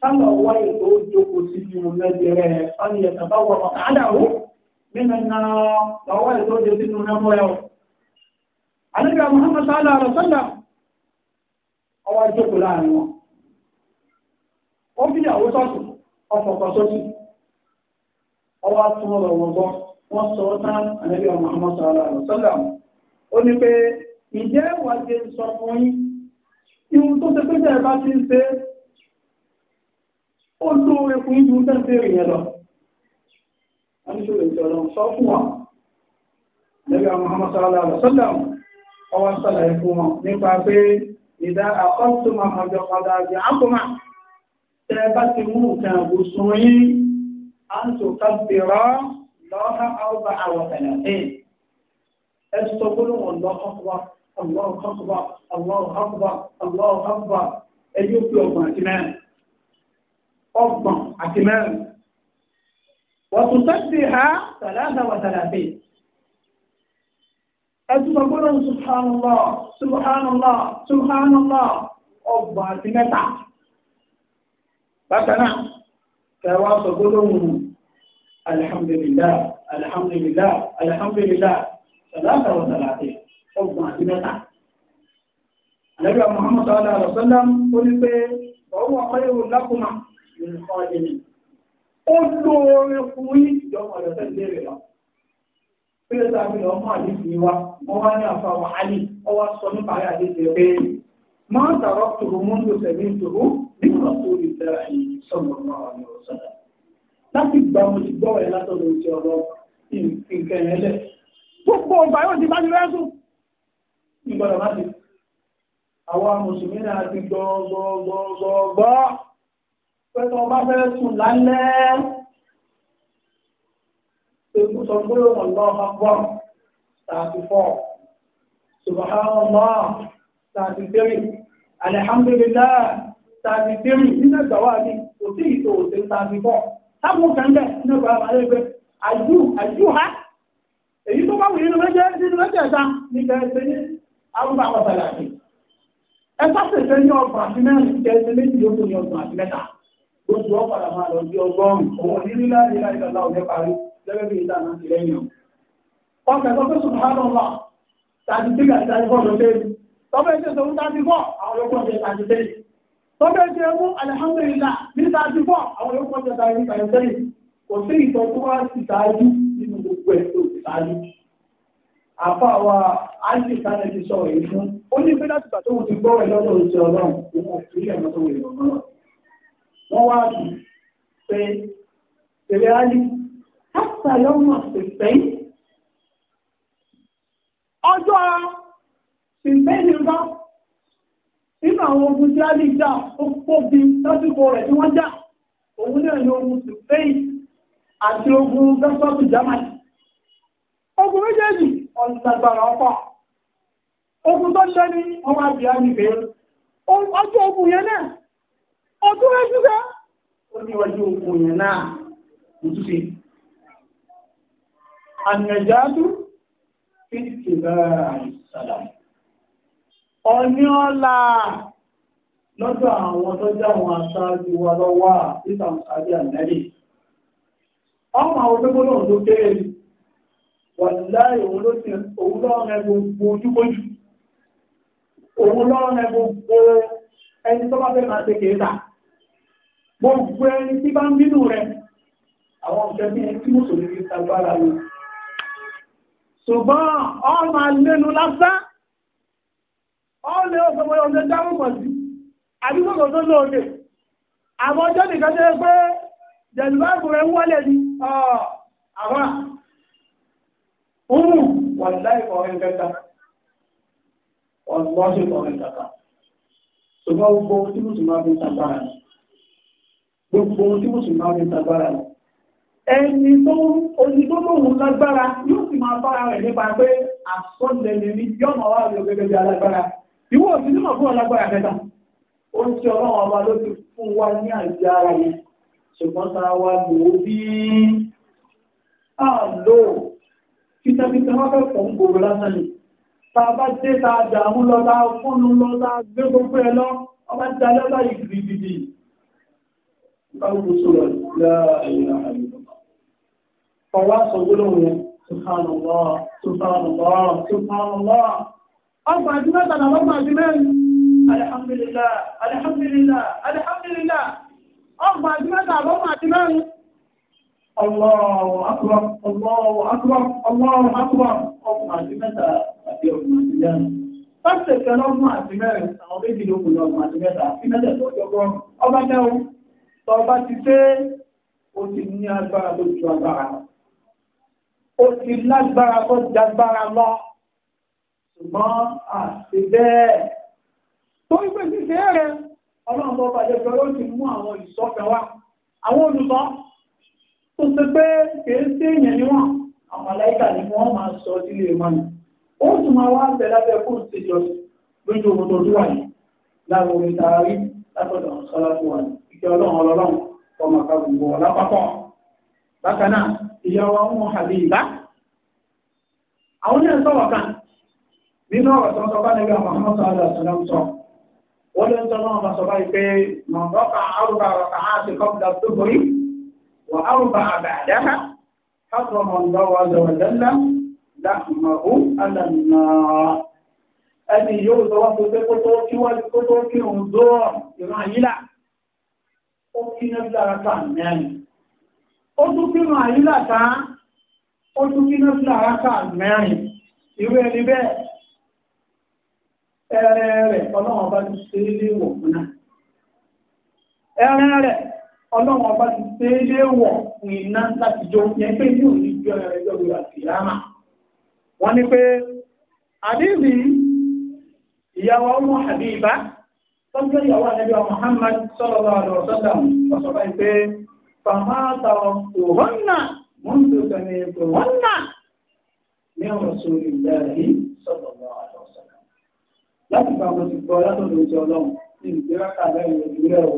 sábà wáyé tó jókòó sí ìrùn lẹ́gbẹ̀ẹ́ rẹ̀ fani ẹ̀ka bá wọ ọ̀kà àdàrú nínú iná lọ́wọ́ wáyé tó dé sínú lẹ́mọ́ ẹ̀ o. àlẹ́bí Muhammad sallallahu alaihi wasallam ọwọ́ jókòó láàrin wọn. ó bí àwọn sọ́ọ̀sì ọkọ̀ ọ̀kọ̀ ọwọ́ á tún ọ̀rọ̀ wọ́n sọ tán ànábì ọmọ ọmọ sọ̀rọ̀ àrùn sọ́dà ó ní pé ìjẹ́ ìwádìí sọ fún yín ihun tó ṣe pé tẹ̀ bá ti ń ṣe ó lóore fún yín ju tẹ̀ ń bèrè yẹn lọ. wọ́n ní sọ̀rọ̀ ìṣọ̀rọ̀ sọ fún wa ànábì ọmọ ọmọ sọ̀rọ̀ àrùn sọ́dà ọwọ́ sọ̀rọ̀ ẹ̀fún wọn nípa pé ìdá àkọ́tù máa mọ̀ jọ padà àbí àkọ́mà tẹ́ bá ti mú nǹkan àbùsùn yín à ń tò ká bèrè ọ́ lọ́ha àwùbá àwọn ẹ̀lẹ́dẹ́ ẹ sọ gbólóhùn lọ́kọ̀kọ̀ ọlọ́ọ̀kọ̀kọ̀ ọlọ́ọ̀kọ̀kọ̀ ọlọ́ọ̀kọ̀kọ̀ ẹ yóò pé ọgbọ̀n àti mẹ́rin ọgbọ̀n àti mẹ́rin wọ́tún tẹ́sí ha tàlàtà wà tàlàtà ẹ tún sọ gbólóhùn subhanallah ọgbọ̀n àti mẹ́ta bákan náà kẹwàá sọ gbólóhùn alihamdulilayi alihamdulilayi alihamdulilayi salata wa salate ọgbọ̀n àti mẹ́ta. Àlẹ́bí wa Muhammad sallallahu alayhi wa sallam ó ní pé ọwọ́ ọ̀pẹ́yẹ wo lákùnmá nínú ọ̀dẹ ni. Ó lóore fún yín ìjọba ọ̀dọ̀ tẹ́lẹ̀ rẹ̀ lọ. Bí ó sábẹ́ lọ mọ́ àdéhùn wa, wọ́n wá ní àfa wa Ali, ó wá sọ nípa ayé àdéhùn rẹ̀ pé máa tààrọ̀ tòrò mọ́ńdò sẹ̀mí tòrò nípa tó lè tẹ̀ra ẹ̀yìn sọ̀rọ̀ náà ní ọ̀sán láti gbà mo ti gbọ́ ẹ̀ látọ̀dọ̀ ti ọ̀rọ̀ nǹkan ẹ̀ lẹ̀. gbogbo ọgbà yóò ti bá ti rẹ́sùn. ìgbọ̀dọ̀ má ti. àwa mùsùlùmí náà ti gbọ́ gbọ́ gbọ́ gbọ́ gbọ́. pẹ̀lú ọba fẹ́ sùn lálẹ́. ewu sọ pé wọn lọ máa gbọ́ tààtì fọ́. subhanallah tààtì tẹ́rì. alihamdulilayi tààtì tẹ́rì. nígbà gbà wá ní kò ìtò òsè tààtì fọ́ sábùn kan bẹ́ẹ̀ ní ọgbà àbálẹ́ ẹgbẹ́ àjú àjú ha èyí tó bá wù nínú méjì nínú méjì ẹ̀ta ní kẹsẹ̀ ní arúgbó àpàtàkì àti ẹ sáfẹ̀fẹ̀ ní ọgbà àti mẹ́rin kẹsẹ̀ méjì yóò ní ọgbà àti mẹ́ta gbogbo ọ̀padà máa lọ bí ọgọ́rùn-ún òun ní lílá lílá ìlàlá òun parí lẹ́gbẹ́ bí ìta náà ti lẹ́yìn o. ọkẹ́ tó fẹ́ sùn hánà wà tàbí tí kàtàkì bọ́ọ̀lù lé tọ́fẹ́ tẹ̀sán tàbí bọ́ọ̀ àwọn yòókù ọ̀dẹ̀ tàbí tẹ̀sán tọ́bẹ̀ ti ẹmú alihamdulilá ní sáájú bọ́ àwọn yóò kọjá ta ẹni kàyọ sẹ́yìn kò sí ìtọ́ tó wá sí sáájú nínú gbogbo ẹ̀ tó sáájú. àfa wa áńtì sáájú ti sọ èyí fún ó ní pé láti gbà tó wù ti gbọ́ ẹ̀ lọ́dọ̀ oṣù ọlọ́run òun ò fi ẹ̀mọ́ tó wù ẹ̀ lọ́dọ̀ wọ́n wá sí pé tẹ̀lé áyí káàkiri àyọ̀mọ̀ àtẹ̀sẹ̀yìn ọjọ́ ṣìṣẹ́yìn nǹkan. nínú àwọn ogun tí a já ó kóbi lásìkò rẹ̀ tí wọ́n já òun náà ni ogun Spain àti ogun ogun méjèèjì ọkọ̀ ogun tó ṣe ní ọmọ àbíyá ọjọ́ ogun yẹn náà ọdún ẹjú ká ó ní ọjọ́ ogun yẹn náà ti àìsàdàmù ọ̀ní ọ̀la lọ́dọ̀ àwọn tó jẹ́ àwọn aṣáájú wa lọ́wọ́ títà àṣáájú àmẹ́rì ọmọ àwọn tó gbọ́dọ̀ tó kéré wà láì òun ló ti òun lọ́rùn ẹ gbogbo ojúkójú òun lọ́rùn ẹ gbogbo ẹni tó bá fẹ́ máa ṣe kéèta gbogbo ẹni tí bá ń bínú rẹ àwọn ọ̀sẹ̀ bí ẹni tí mùsùlùmí ti tagbára lọ ṣùgbọ́n ọmọ alẹ́nu ọ̀lẹ́ ọ̀sọ̀mọ̀ ọ̀sẹ̀ dáhùn pọ̀ sí àdúgbò tó lóde àwọn ọjọ́ nìkan jẹ́ pé jẹ̀lúbáàbù rẹ̀ ń wọlé ní àwọn òun wà láì kọrin kẹta ọ̀gbọ́n sì kọrin kẹta ṣùgbọ́n gbogbo ohun tí mo sì máa fi tagbára ni gbogbo ohun tí mo sì máa fi tagbára ni ẹni tó oní tó lóhun lágbára yóò sì máa bára rẹ̀ nípa pé àsọ̀lẹ̀ lè ní yọ̀mọ̀ wà lórí gẹ́gẹ́ bí alágbára ìwọ òsì ní màfún ọlágbára kẹta ó ń tí ọlọ́run ọba ló ti fún wa ní àjẹ ara yẹn ṣùgbọ́n tá a wá lò ó bí a lò ó kìtàkìtà wọn fẹ́ fọ̀ ń gbòòrò lásán ni tá a bá dé tá a dààmú lọ tá a fúnnu lọ tá a gbé gbogbo ẹ lọ ọba ti dalẹ́ ọba yìí gidigidi báwo ló sọ̀rọ̀ láàrin àárín ọwọ́ àsọgbólóhùn subhanallah subhanallah subhanallah ọgbà àti mẹ́tàlá ọgbà àti mẹ́rin alihamdulilá alihamdulilá alihamdulilá ọgbà àti mẹ́tàlá ọgbà àti mẹ́rin. Allahu akbar Allahu akbar Allahu akbar ọgbà àti mẹ́tàlá àti ọgbà àti mẹ́rin. Fásitì kan ọgbà àti mẹ́rin àwọn méjì ló kù ní ọgbà àti mẹ́ta àti mẹ́ta tó jọgbọ́ ọba jẹun tọba ti dé ó ti ní agbára lójú agbára ó ti lágbára tó jagbára lọ ṣùgbọ́n àti bẹ́ẹ̀ tó ń pè sí ṣe é rẹ ọlọ́run bọ́ bàjẹ́ pé ó ti mú àwọn ìṣọ́fẹ́ wá àwọn olùkọ́ tó ṣe pé kìí sí èèyàn níwọ̀n àwọn aláìka ni wọ́n máa sọ sílé mọ́ni ó tún máa wá bẹ̀ lábẹ́ fún ìṣèjọ lójú ohun tó dúwà yìí láwọn orin tààrí látọ̀dọ̀ sọ́lájú wa ìjọ ọlọ́run ọlọ́run ọmọ àkàbùgbò ọlápapọ̀ bákan náà ìyá wa ń mú àbí ìbá àwọn oníyàn sọ̀rọ̀ kan nínú ọ̀rọ̀ tó ń sọ bá níbi àwọn ọmọ sọ́ọ́lá ṣùgbọ́n ń sọ wọ́n ló ń sọ náà sọ báyìí pé mọ̀nbọ́kà arúgbà ọ̀kà á ti kọ́pùdà tó borí wọ́n arúgbà àbàdá kátó mọ̀nbọ́ wa zọ̀rọ̀ lẹ́lá láàmú alàmìnà ẹni yóò sọ wá pé kó tó kí wọ́n kó tó kí òun dúró ìran àyílà ó kí ní bí ká mẹ́rin ó tún kí ìran àyílà ká ó tún kí ní bí ká mẹ́rin ìwé ẹni bẹ́ẹ̀ ẹrẹ rẹ ọlọ́run ọba ti ṣe é léwọ̀ fún náà ẹrẹ ọlọ́run ọba ti ṣe é léwọ̀ fún iná láti jó yẹn pé ní òní bí ọ̀rẹ́ rẹ wọ́n pé àdébì ìyàwó ọmọ tọ́jú ìyàwó ọmọ Muhammad báyìí pé fàmáàtà òhónà mọ́tò ní ọ̀rọ̀ sórí láti gba àwọn ti gbọ́ látọ̀dọ̀ ìjọ ọlọ́run ní ìgbéráka lẹ́yìn ìdúrẹ́ o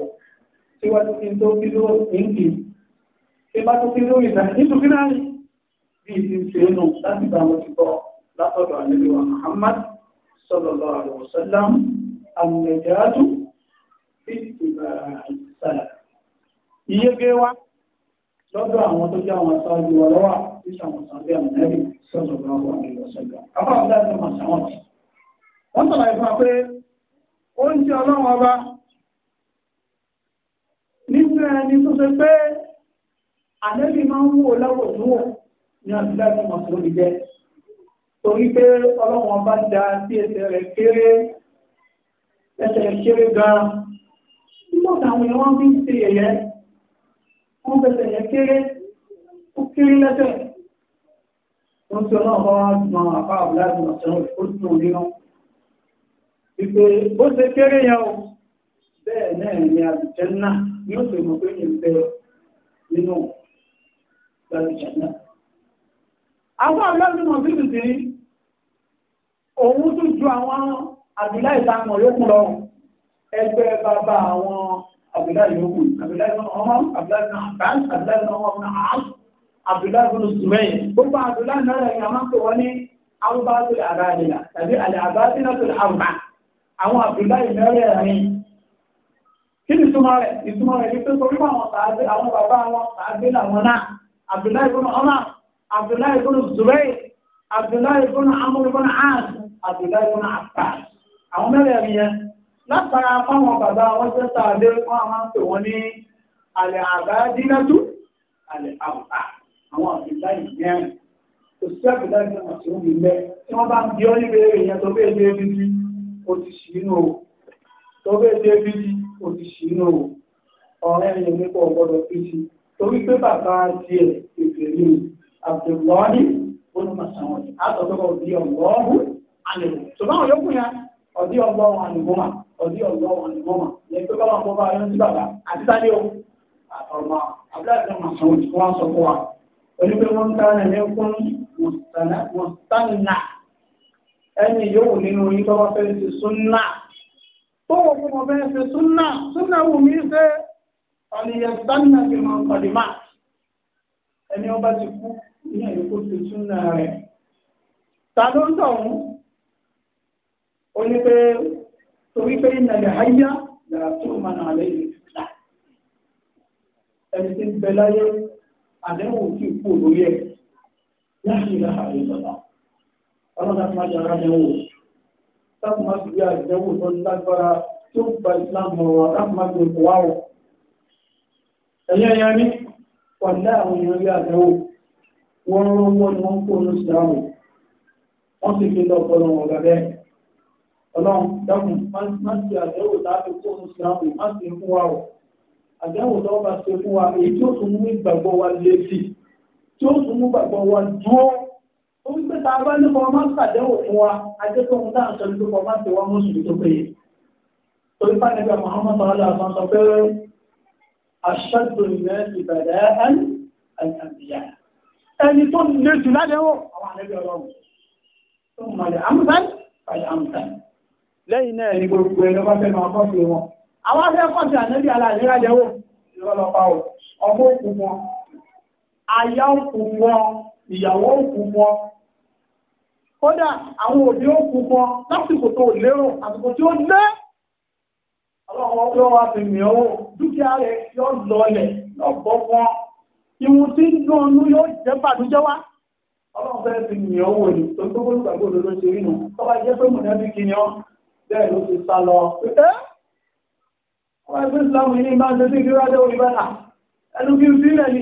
síwájú kí n tó kí ló èǹkì kí n bá tó kí ló ìdá nítorí náà rí bí ti ń ṣe nù láti gba àwọn ti gbọ́ látọ̀dọ̀ àlejò Muhammad sallallahu alaihi wasallam àmìlẹ̀jáàdù sí ìgbà ìsàlà ìyẹ́gẹ́ wa lọ́dọ̀ àwọn tó jẹ́ àwọn aṣáájú wa lọ́wọ́ àti sàmùsàn bí àmì wọ́n tọ̀lá ìfà pé ó ń jẹ́ ọlọ́run ọba nínú ẹni tó ṣe pé àlẹ́bí máa ń wò lọ́wọ́ níwò ní àtúndà tó mọ̀ tó lè jẹ́ torí pé ọlọ́run ọba da sí ẹsẹ̀ rẹ̀ kéré ẹsẹ̀ rẹ̀ kéré gan-an nígbà táwọn èèyàn wọn fi ń ṣe yẹ̀yẹ́ wọn fẹsẹ̀ yẹ kéré ó kéré lẹ́sẹ̀ wọ́n ti ọlọ́run ọba wọn máa wà fáwọn láti mọ̀ ó dùn nínú ìpè ó ṣe kéré yẹn o bẹ́ẹ̀ náà ni àlùjànnà ni ó ṣe mọ̀ pé kì í bẹ nínú àlùjànnà. àwọn ọlọ́dúnmọ̀ bíbí sí òun tún ju àwọn àbílá ìtàkùn yòókù lọ ẹgbẹ́ bàbá àwọn àbílá yòókù àbílá ìtàn ọmọ àbílá ìtàn àbáńsì àbílá ìtàn ọmọ ọmọ náà àbílá ìtàn sùmẹ́yìn gbogbo àbílá náà yẹn a máa ń pè wọ́n ní àrùbá tó àrà àdìlà tàbí àlè àbá sínú tó lè àrùbá àwọn àbúlá ìmẹ́rẹ̀ rìn kí ni ìtumọ̀ rẹ̀ ìtumọ̀ rẹ̀ ní pé torí àwọn tààdé àwọn bàbá wọn tààdé làwọn náà àbúlá ìbùnú ọmọ àbúlá ìbùnú zùrẹ́ àbúlá ìbùnú amúlùbùnú áàsì àbúlá ìbùnú àpá àwọn mẹ́rẹ̀ rìn yẹn látara fáwọn bàbá wọn jẹ́ tààdé wọn máa ń pè wọn ní àlẹ́ àbáyádínlẹ́tù àlẹ́ àbá àwọn àbúlá ìmẹ́rin kò sí àbúlá ìbùnú àti omi ilẹ̀ tí wọ́n bá ń bí ọ́ níbi èrè ó ti ṣì í nù o tọ́bẹ̀ jẹ́ bí ó ti ṣì í nù o ọ̀rẹ́ yẹn nípa ọ̀gbọ́dọ̀ fi si torí pé bàbá tiẹ̀ ìfèrí mi Abdullahi olùmọ̀sánwó àtọ̀tọ̀kọ̀ bí ọ̀gbọ́ọ̀hún àlẹ́ ṣùgbọ́n àwọn yòókù yẹn ọ̀dí ọ̀gbọ́ọ̀hún àlùmọ́mà ọ̀dí ọ̀gbọ́ọ̀hún àlùmọ́mà yẹn pé báwọn bọ́ bá yọ bàbá àti o àtọ̀mọ̀ abdullahi olùmọ̀sánwó ti wọ́n sọ fún wa onígbé wọn ń tán ẹ̀ lẹ́kún ẹni yòówù nínú yín tó bá fẹ́ ṣe súnà tó wọ́n fún wọn fẹ́ ṣe súnà súnà wù mí ṣe ọ̀nìyàn sánà bí wọn kọ̀dí máa ẹni ọba ti kú ní ẹ̀yìn kó ṣe súnà rẹ̀ ta ló ń tọ̀hún ó ní pé torí pé ìnàlẹ̀ háyá làá tó máa nà lẹ́yìn ìfúnná ẹni tí ń bẹ láyé àdéhùn ti kú lórí ẹ̀ láti ìlà àdéhùn ọlọ́dà tó máa jọra ẹ̀wò táwọn máa fi bí àjẹwò tó lágbára tó gba ìsìlámù ọ̀rọ̀ táwọn máa fi òkú wá wọ̀. ẹ̀yẹ́ ẹ̀yẹ́ ní ọ̀dà àwọn èèyàn bí àjẹwò wọ́n rán wọ́n ni wọ́n kó ní ìsìlámù wọ́n sì fi lọ́pọ̀ lọ́wọ́ gàbẹ́ ọlọ́run dákun má ti àjẹwò kó ní ìsìlámù má ti fún wa wọ̀ àjẹwò lọ́wọ́ bá ṣe fún wa èyí tó tún mú ìgbàgbọ́ wa lé sí tí tún mú ìgbàgbọ́ wa dúró pé tá a bá ní kọ́má ṣàdéhùn fún wa ajé tó ń dáhùn sọ́dún tó kọ́má ti wá mọ́sùlùmí tó péye. torí pàdébà Muhammad sọ̀rọ̀ àti sọ pé aṣáájú ìrẹ́ ìbẹ̀rẹ̀ ẹni àyàbíyà. ẹni tó lè jù ládẹ́wọ̀ àwọn àlejò ọlọ́run tó mọ̀lẹ̀ amúsàn àyà amúsàn. lẹ́yìn náà ẹni gbogbo ẹni kódà àwọn òbí ó kú bọ lásìkò tó lérò àsìkò tí ó lé ọlọ́wọ́ ló wá fi mìíràn wò dúkìá rẹ̀ yóò lọlẹ̀ yóò bọ́ wọn ìwọ̀n tí ń dún ọnú yóò jẹ́ bàdújẹ́ wá ọlọ́run fẹ́ fi mìíràn wò ní tó gbogbo ìgbàgbọ́ òdodo ṣe rí nu tó bá jẹ́ pé mọ̀lẹ́bí kìnìún bẹ́ẹ̀ ló ti sá lọ pé ẹ́ wọ́n ẹgbẹ́ ìsìlámù yìí máa ń ṣe sí ìgbéra jẹ́ olùbẹ́ta ẹnu kí n sílẹ̀ ni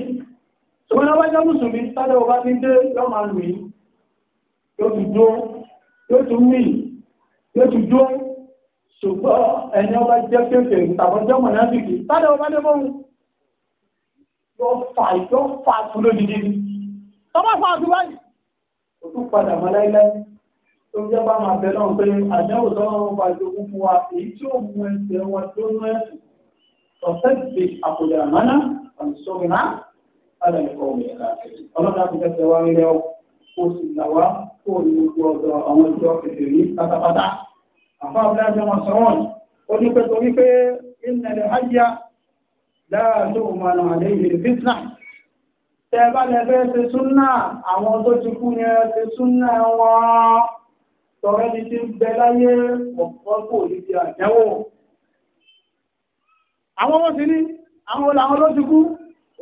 ṣùgbọ́n lábájá mùsùlùmí yóò tún dúró yóò tún mì yóò tún dúró ṣùgbọ́n ẹni ọba jẹ́ kéèké tàbọ̀jọ́ mọ̀nàfíkì tádà ọba dé bóun yóò fà yóò fà tún lójijì ni tọ́ba fà tún báyìí o tún padà mọ́ láíláí tó jẹ́ bá máa bẹ̀ náà pé àdéhùn tó wọn bá jogún fún wa èyí tí ó mú ẹsẹ̀ wọn tó ń rẹ́sùn ọ̀sẹ̀ ti àpòjà àmánà àti sọ́mìnà alẹ́ ìkọ̀wé ọlọ́dà ti fẹsẹ̀ wá rí rẹ́ kó sì là wá kó o ní gbogbo ọ̀dọ̀ àwọn ìjọ kẹfẹ́ ní pátápátá. àfa abúlé wọn sọ wọn ó ní pé torí pé ìnẹ̀lẹ̀ ájá láàánú ìmọ̀nà àlẹ́ ìlú fitna. tẹ bá lẹ fẹ́ ṣe súnà àwọn tó ti kú yẹn ṣe súnà wọn tọrẹ ni ti ń bẹ láyé ọ̀pọ̀ kò ní ti àjẹwò. àwọn ọmọ ti ní àwọn làwọn ló ti kú.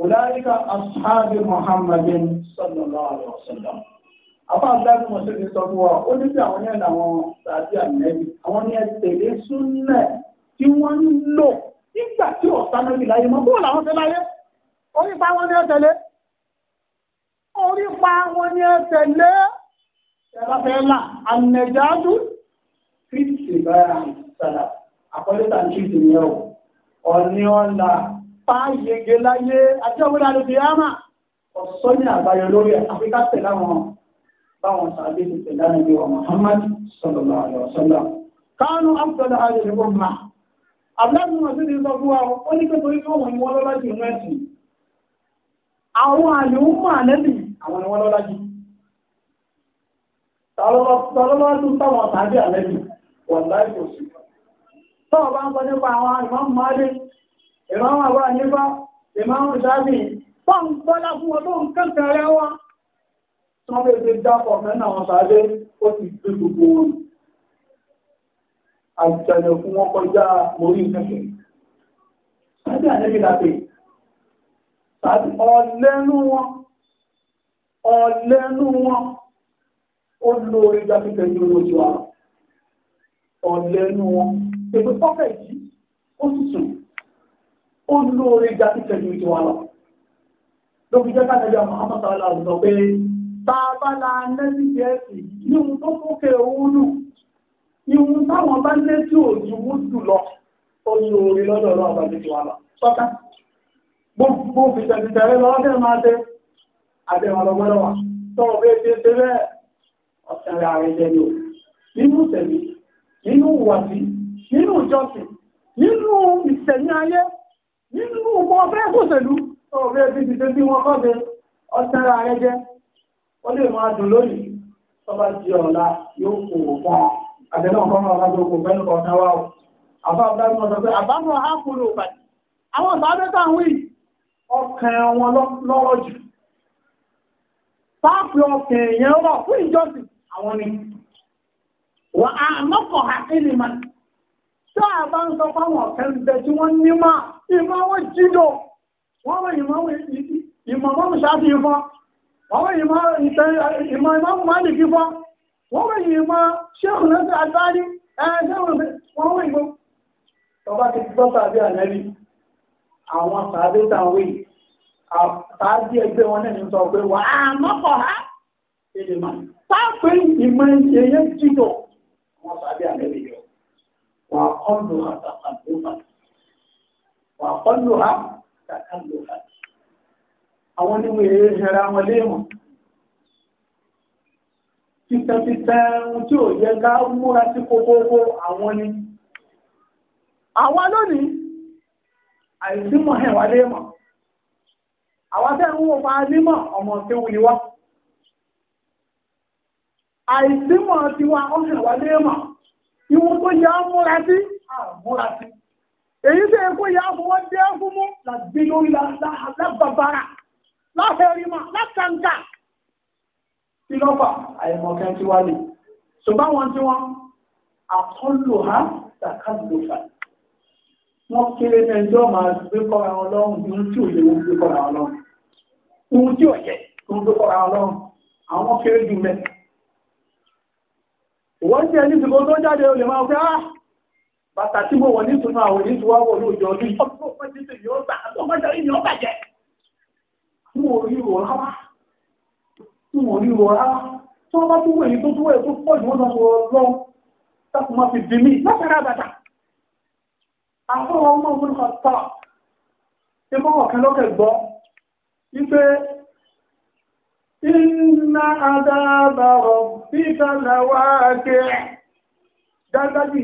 أولئك أصحاب محمد صلى الله عليه àbá àgbàdo mọ̀ sókè sọ fún wa ó ní bí àwọn yẹn làwọn sàbí àmì àwọn ní ẹ tẹ̀lé súnlẹ̀ tí wọ́n ń lò nígbà tí ọ̀sán náà bí láyé mọ́ bó làwọn fẹ́ láyé orí pa wọn ní ẹ tẹ̀lé orí pa wọn ní ẹ tẹ̀lé ẹ̀rọ fẹ́ là ànẹ̀jáàdú fífi báyà sàlà àkọlé tà ń kí ìdí yẹn o ọ̀ní ọ̀la fáyege láyé àti ọ̀wé lálùbí àmà ọ̀sọ́ ní àbáyọ lórí àfikà tẹ̀lé àwọn táwọn sàbí ti tẹ̀lé ànábì wa Muhammad sallallahu alaihi wasallam kánú afdala àyè ìwọ̀n mà abúlé ma. sì ti sọ fún wa ó ní pé torí káwọn ni wọn lọ́lá jù ní ẹ̀sìn àwọn àyè ń mọ àlẹ́bì àwọn ni wọn lọ́lá jù tọ́lọ́lọ́ tún táwọn sàbí àlẹ́bì wọ̀n láì kò sí tọ́wọ́ bá ń sọ nípa àwọn ìmáàmù Málíkì ìmáàmù àbúrò àyíká ìmáàmù Ṣáfi'í pọ́ǹpọ́lá fún wọn tó ń kẹ́kẹ̀ẹ́ rẹ wá tí wọ́n fẹ́ẹ́ ṣe dápọ̀ mẹ́nà wọn sáré ó ti gbé gbogbo wọn. àjàlẹ̀ fún wọn kọjá mórí ìfẹ́fẹ́. sáájú ànẹ́bí la pè sáájú ọ̀lẹ́nu wọn ọ̀lẹ́nu wọn ó lo orí jákèjẹ́ ní owó tiwa ọ̀lẹ́nu wọn èpè pọ́fẹ̀ yìí ó sì sùn ó lo orí jákèjẹ́ ní tiwa lọ. lóbi jẹ́ ká nàìjíríà mọ̀ àmọ́ sàrà làwùjọ pé abala nẹ́sìdẹ́sì ní ohun tó kókè wúlù ihun táwọn bá lé tí ò ju wúlù lọ ó ní orí lọ́dọ̀ ọlọ́run bá ti wà lọ sọ́tà gbogbo fìtẹ̀fìtẹ̀rẹ́ lọ́wọ́ tẹ̀ máa dé àbẹ̀wò ọlọ́gbọ́dọ̀ wà tọ́wọ́ bẹ́ẹ̀ ṣe ṣe bẹ́ẹ̀ ọ̀sẹ̀ rẹ̀ ààrẹ jẹ́ ni o nínú tẹ̀lé nínú wàbí nínú ìjọsìn nínú ìsẹ̀mí ayé nínú ọmọ ọ̀fẹ́ kòsèlú tọ́wọ́ bẹ́ẹ̀ ṣe ṣe bí wọ́n kọ́ ó lè máa dùn lónìí tọ́ba di ọ̀la yóò kò fún ọ àtẹnà ọ̀kan ọ̀la tó kò fẹ́nu kọ̀ọ̀kan wá o àbá ọ̀dájú wọn sọ pé àbámọ̀ ákùnrin òbàdì àwọn ìbáwẹ́ tá à ń wí ọkàn wọn lọ́rọ̀ jù páàpù ọkàn èèyàn rọ̀ fún ìjọsìn àwọn ni wà á mọ́kọ̀ àkínní ma tí a bá ń sọ fáwọn ọ̀kẹ́ ń bẹ tí wọ́n ní mà ìmọ̀ wọn jídò àwọn ìmọ̀ ìtàn ìmọ̀ ìmọ̀mù Málíkì fọ́ wọ́n wẹ̀yìn ìmọ̀ ṣéèkù náà Albani ẹ̀ẹ́dẹ́gbẹ̀rún wọ́n wẹ̀yìn gbọ́. tọ́ba ti gbọ́ tàbí ànẹ́bí àwọn tàbí tàwé tàbí ẹgbẹ́ wọn náà ní sọ pé wà á mọ́kọ̀ ha èdè máa ha àwọn oníwèé eré ṣẹra wọn léèmọ̀ títẹ́títẹ́ ohun tí ò yẹ ká múra sí kókókó àwọn ni àwọn lónìí àìsí mọ̀ ẹ̀wà léèmọ̀ àwọn tẹ́ ń wò máa nímọ̀ ọmọ tí wù ní àìsí mọ̀ tiwa ọ̀hẹ̀ wà léèmọ̀ ìwọ̀n tó yá múra sí àmúra sí èyí tẹ́ ẹ̀kọ́ yá fọwọ́ dẹ́ fún mú làgbé lórí La, la, la, la, la, la, la, la, láhẹ̀rìmọ̀ látàǹgà kí ló fà àìmọ̀kẹ́ tí wá lè ṣùgbọ́n wọn tí wọ́n àkọlù ha ṣàkàlù fà wọ́n kéré ní ẹjọ́ máa gbé kọ́ra wọn lọ́rùn bí ohun tí ò yẹ wọ́n gbé kọ́ra wọn lọ́rùn ohun tí ò yẹ wọ́n gbé kọ́ra wọn lọ́rùn àwọn kéré jù mẹ́. wọ́n ti ẹni ìsìnkú tó jáde olè máa fẹ́ ah bàtà tí mo wọ̀ nítorí àwọn oníṣòwò àwọn olóòjọ́ ọdún yìí ọdún tó pẹ́ n ò rí rò rárá n ò rí rò rárá tí wọ́n bá tún wèyí tó tún wèyí tó pọ̀ jù wọ́n sọ lọ́wọ́ táàkù máa fi dì mí lọ́sẹ̀rẹ̀ àbàtà àwọn ọmọ ọmọ nǹkan tọ̀ ṣé mọ́wọ́ kan lọ́kẹ̀ gbọ́ wípé iná adábàrọ̀ bíta làwáàkẹ́ dájúdájú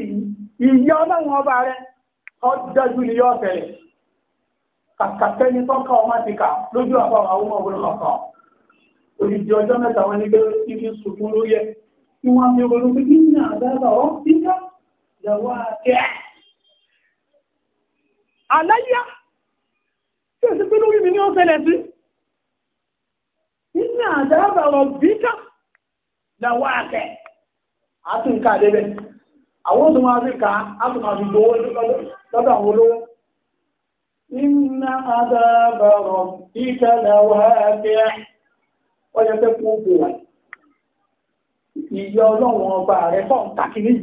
ìyá ọlọ́run ọba rẹ̀ ọjọ́ jù ní kàkà sẹ́ni tọ́ka ọmọ ti kà lójú àbá àwọn ọmọ òun kọ̀ọ̀kan òdìdí ọjọ́ mẹ́ta wọn ni pé ibi sùkún lórí ẹ kí wọ́n fi ronú pé kí ní àdáàbà ọ́ ti ká ìyàwó àkẹ́ àláyá tí o sì pé lórí mi ní ọ̀sẹ̀lẹ̀ sí kí ní àdáàbà ọ́ bí ká ìyàwó àkẹ́ àtúnkà débẹ̀ àwọn tó máa fi kà á tó fi gbowó lọ́dọ̀ àwọn olówó. إن عذاب ربك لواقع ọjọ́ pé kú bò wá ìyá ọlọ́run ọba rẹ̀ fọ́n takiri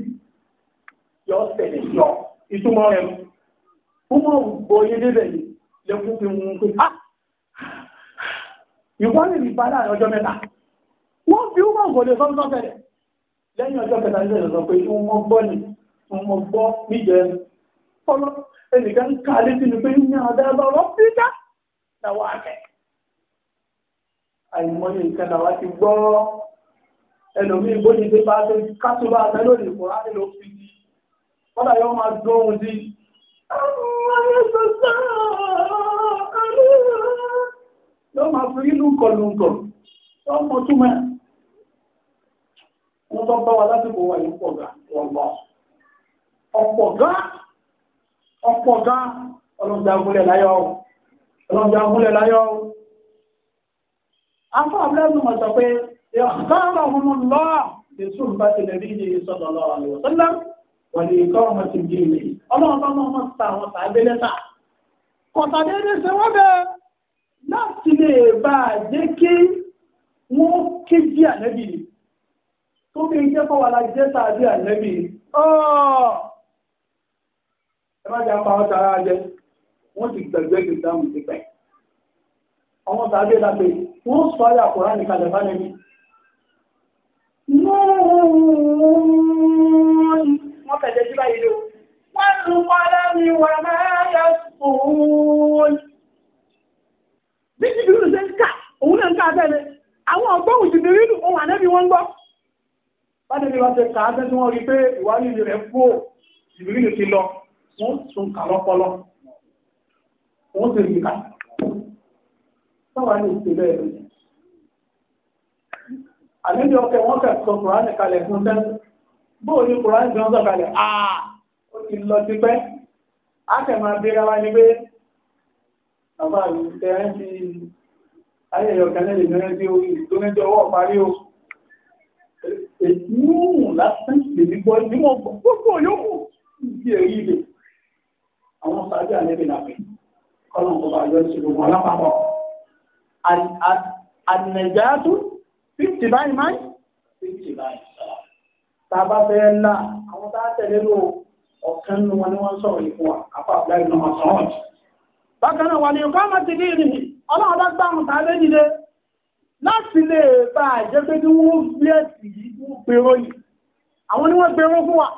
yọ ṣẹlẹ̀ yọ ìtumọ̀ rẹ̀ fúnmọ̀ òye débẹ̀ yìí lẹ́kún fi wọn pé á ah! ìwọ́n lè rí padà ọjọ́ mẹ́ta wọ́n fi wọ́n kò lè sọ́n sọ́sẹ̀lẹ̀ lẹ́yìn ọjọ́ kẹta ní sẹ́yìn sọ pé wọ́n gbọ́ ni wọ́n gbọ́ níjẹun ọlọ́ ẹnìkan ká létí ni pé ní àdáàbà ọlọ́pìtà làwọn akẹ́ àìmọye nǹkan làwọn ti gbọ́ ẹlòmíì bóyá ìdí bá tó kátólá àtẹ́lò lè kó láti lọ fi di kọ́dà yóò máa gbọ́ ohun di. yóò máa fi inú kọlùǹkọ̀ yóò mọ túmọ̀ wọ́n bá bá wa lásìkò wa yìí pọ̀ gà wọ́n bọ̀ ọ̀pọ̀ gà ọ̀pọ̀ gan ọlọ́dàgúnlẹ̀ láyọ̀ ọlọ́dàgúnlẹ̀ láyọ̀ afọ abúlẹ́nu mọ̀ sọ pé ìyàkọ́rọ̀ ọmọ lọ èso ń bá tilẹ̀ rí ní ìsọ̀lọ́lọ́ àlùsọ́lá wà ní ìkọ́ ọmọ ti di ìlẹ̀ ọlọ́run bá wọn ta àwọn tàbí lẹ́tà kọ̀tàdéédé ṣe wọ́n bẹ láti lè bá a jẹ́ kí wọ́n ké bí ànẹ́bì tó bí jẹ́ kọ́ wà láti jẹ́ ànẹ́bì ọ́ọ́ ẹ má jẹ́ apá wọn tara jẹ wọ́n ti gbẹ̀gbẹ́ gbẹ̀gbẹ́ àwọn ti pẹ́. àwọn sàdé dàgbé wọ́n sọ ayé àkùrá nìkan lẹ́fà lẹ́ni. wọ́n kẹ̀lẹ́ sí báyìí lò. wọ́n lu wọlé mi wà máa yọ sùn. bí ti ṣe ń kà òun náà ń kà bẹ́ẹ̀ àwọn ọgbọ́n òṣìṣẹ́ rírù ohun ànẹ́bí wọ́n ń gbọ́. bá a ní bí wọ́n ṣe kà á tẹ́tí wọ́n rí pé ìwádìí rẹ̀ kú ò ti lọ wọ́n tún kà lọ́pọlọ wọ́n tún yìí kà sọ́wọ́n ní ìpínlẹ̀ èdè àlejò ọkẹ wọn kẹ sọ kùránì kalẹ̀ fún tẹ bóò ní kùránì tí sọ kalẹ̀ aa ó ti lọ ti pẹ́ á kẹ máa bí ra wa ni pé bàbá mi tẹ ẹ ti ayẹyẹ ọkẹlẹ lè mẹrẹ bí orí ìtòmẹjọ ọwọ́ parí o èyí ń mú lásán lèmi gbọ́ ni wọ́n gbọ́ gbogbo yòókù ìdí èyí lè àwọn sáájú àlẹ́bí làpẹ́ kọ́lọ̀ tó bá yọ sí gbogbo alápapọ̀. ànàjáàtú fífìtì báyìí máa ń fífìtì báyìí sọ̀rọ̀. tá a bá fẹ́ la àwọn tá a tẹ̀lé lò ọ̀kan nínú wọn ni wọ́n sọ̀rọ̀ yìí fún wa àpá àbúlá ìlú ọmọ sọ̀rọ̀ jù. bákan náà wà ní ọkọ àmọ́ ti dín ìrìn ọlọ́run bá gbá àwọn tàbí nílé láti lè bá àjẹpẹ́ tí wọ́n gbé ẹ̀sìn yìí wọ́n gbèrò yìí àwọn ni wọ́n gbèrò fún wa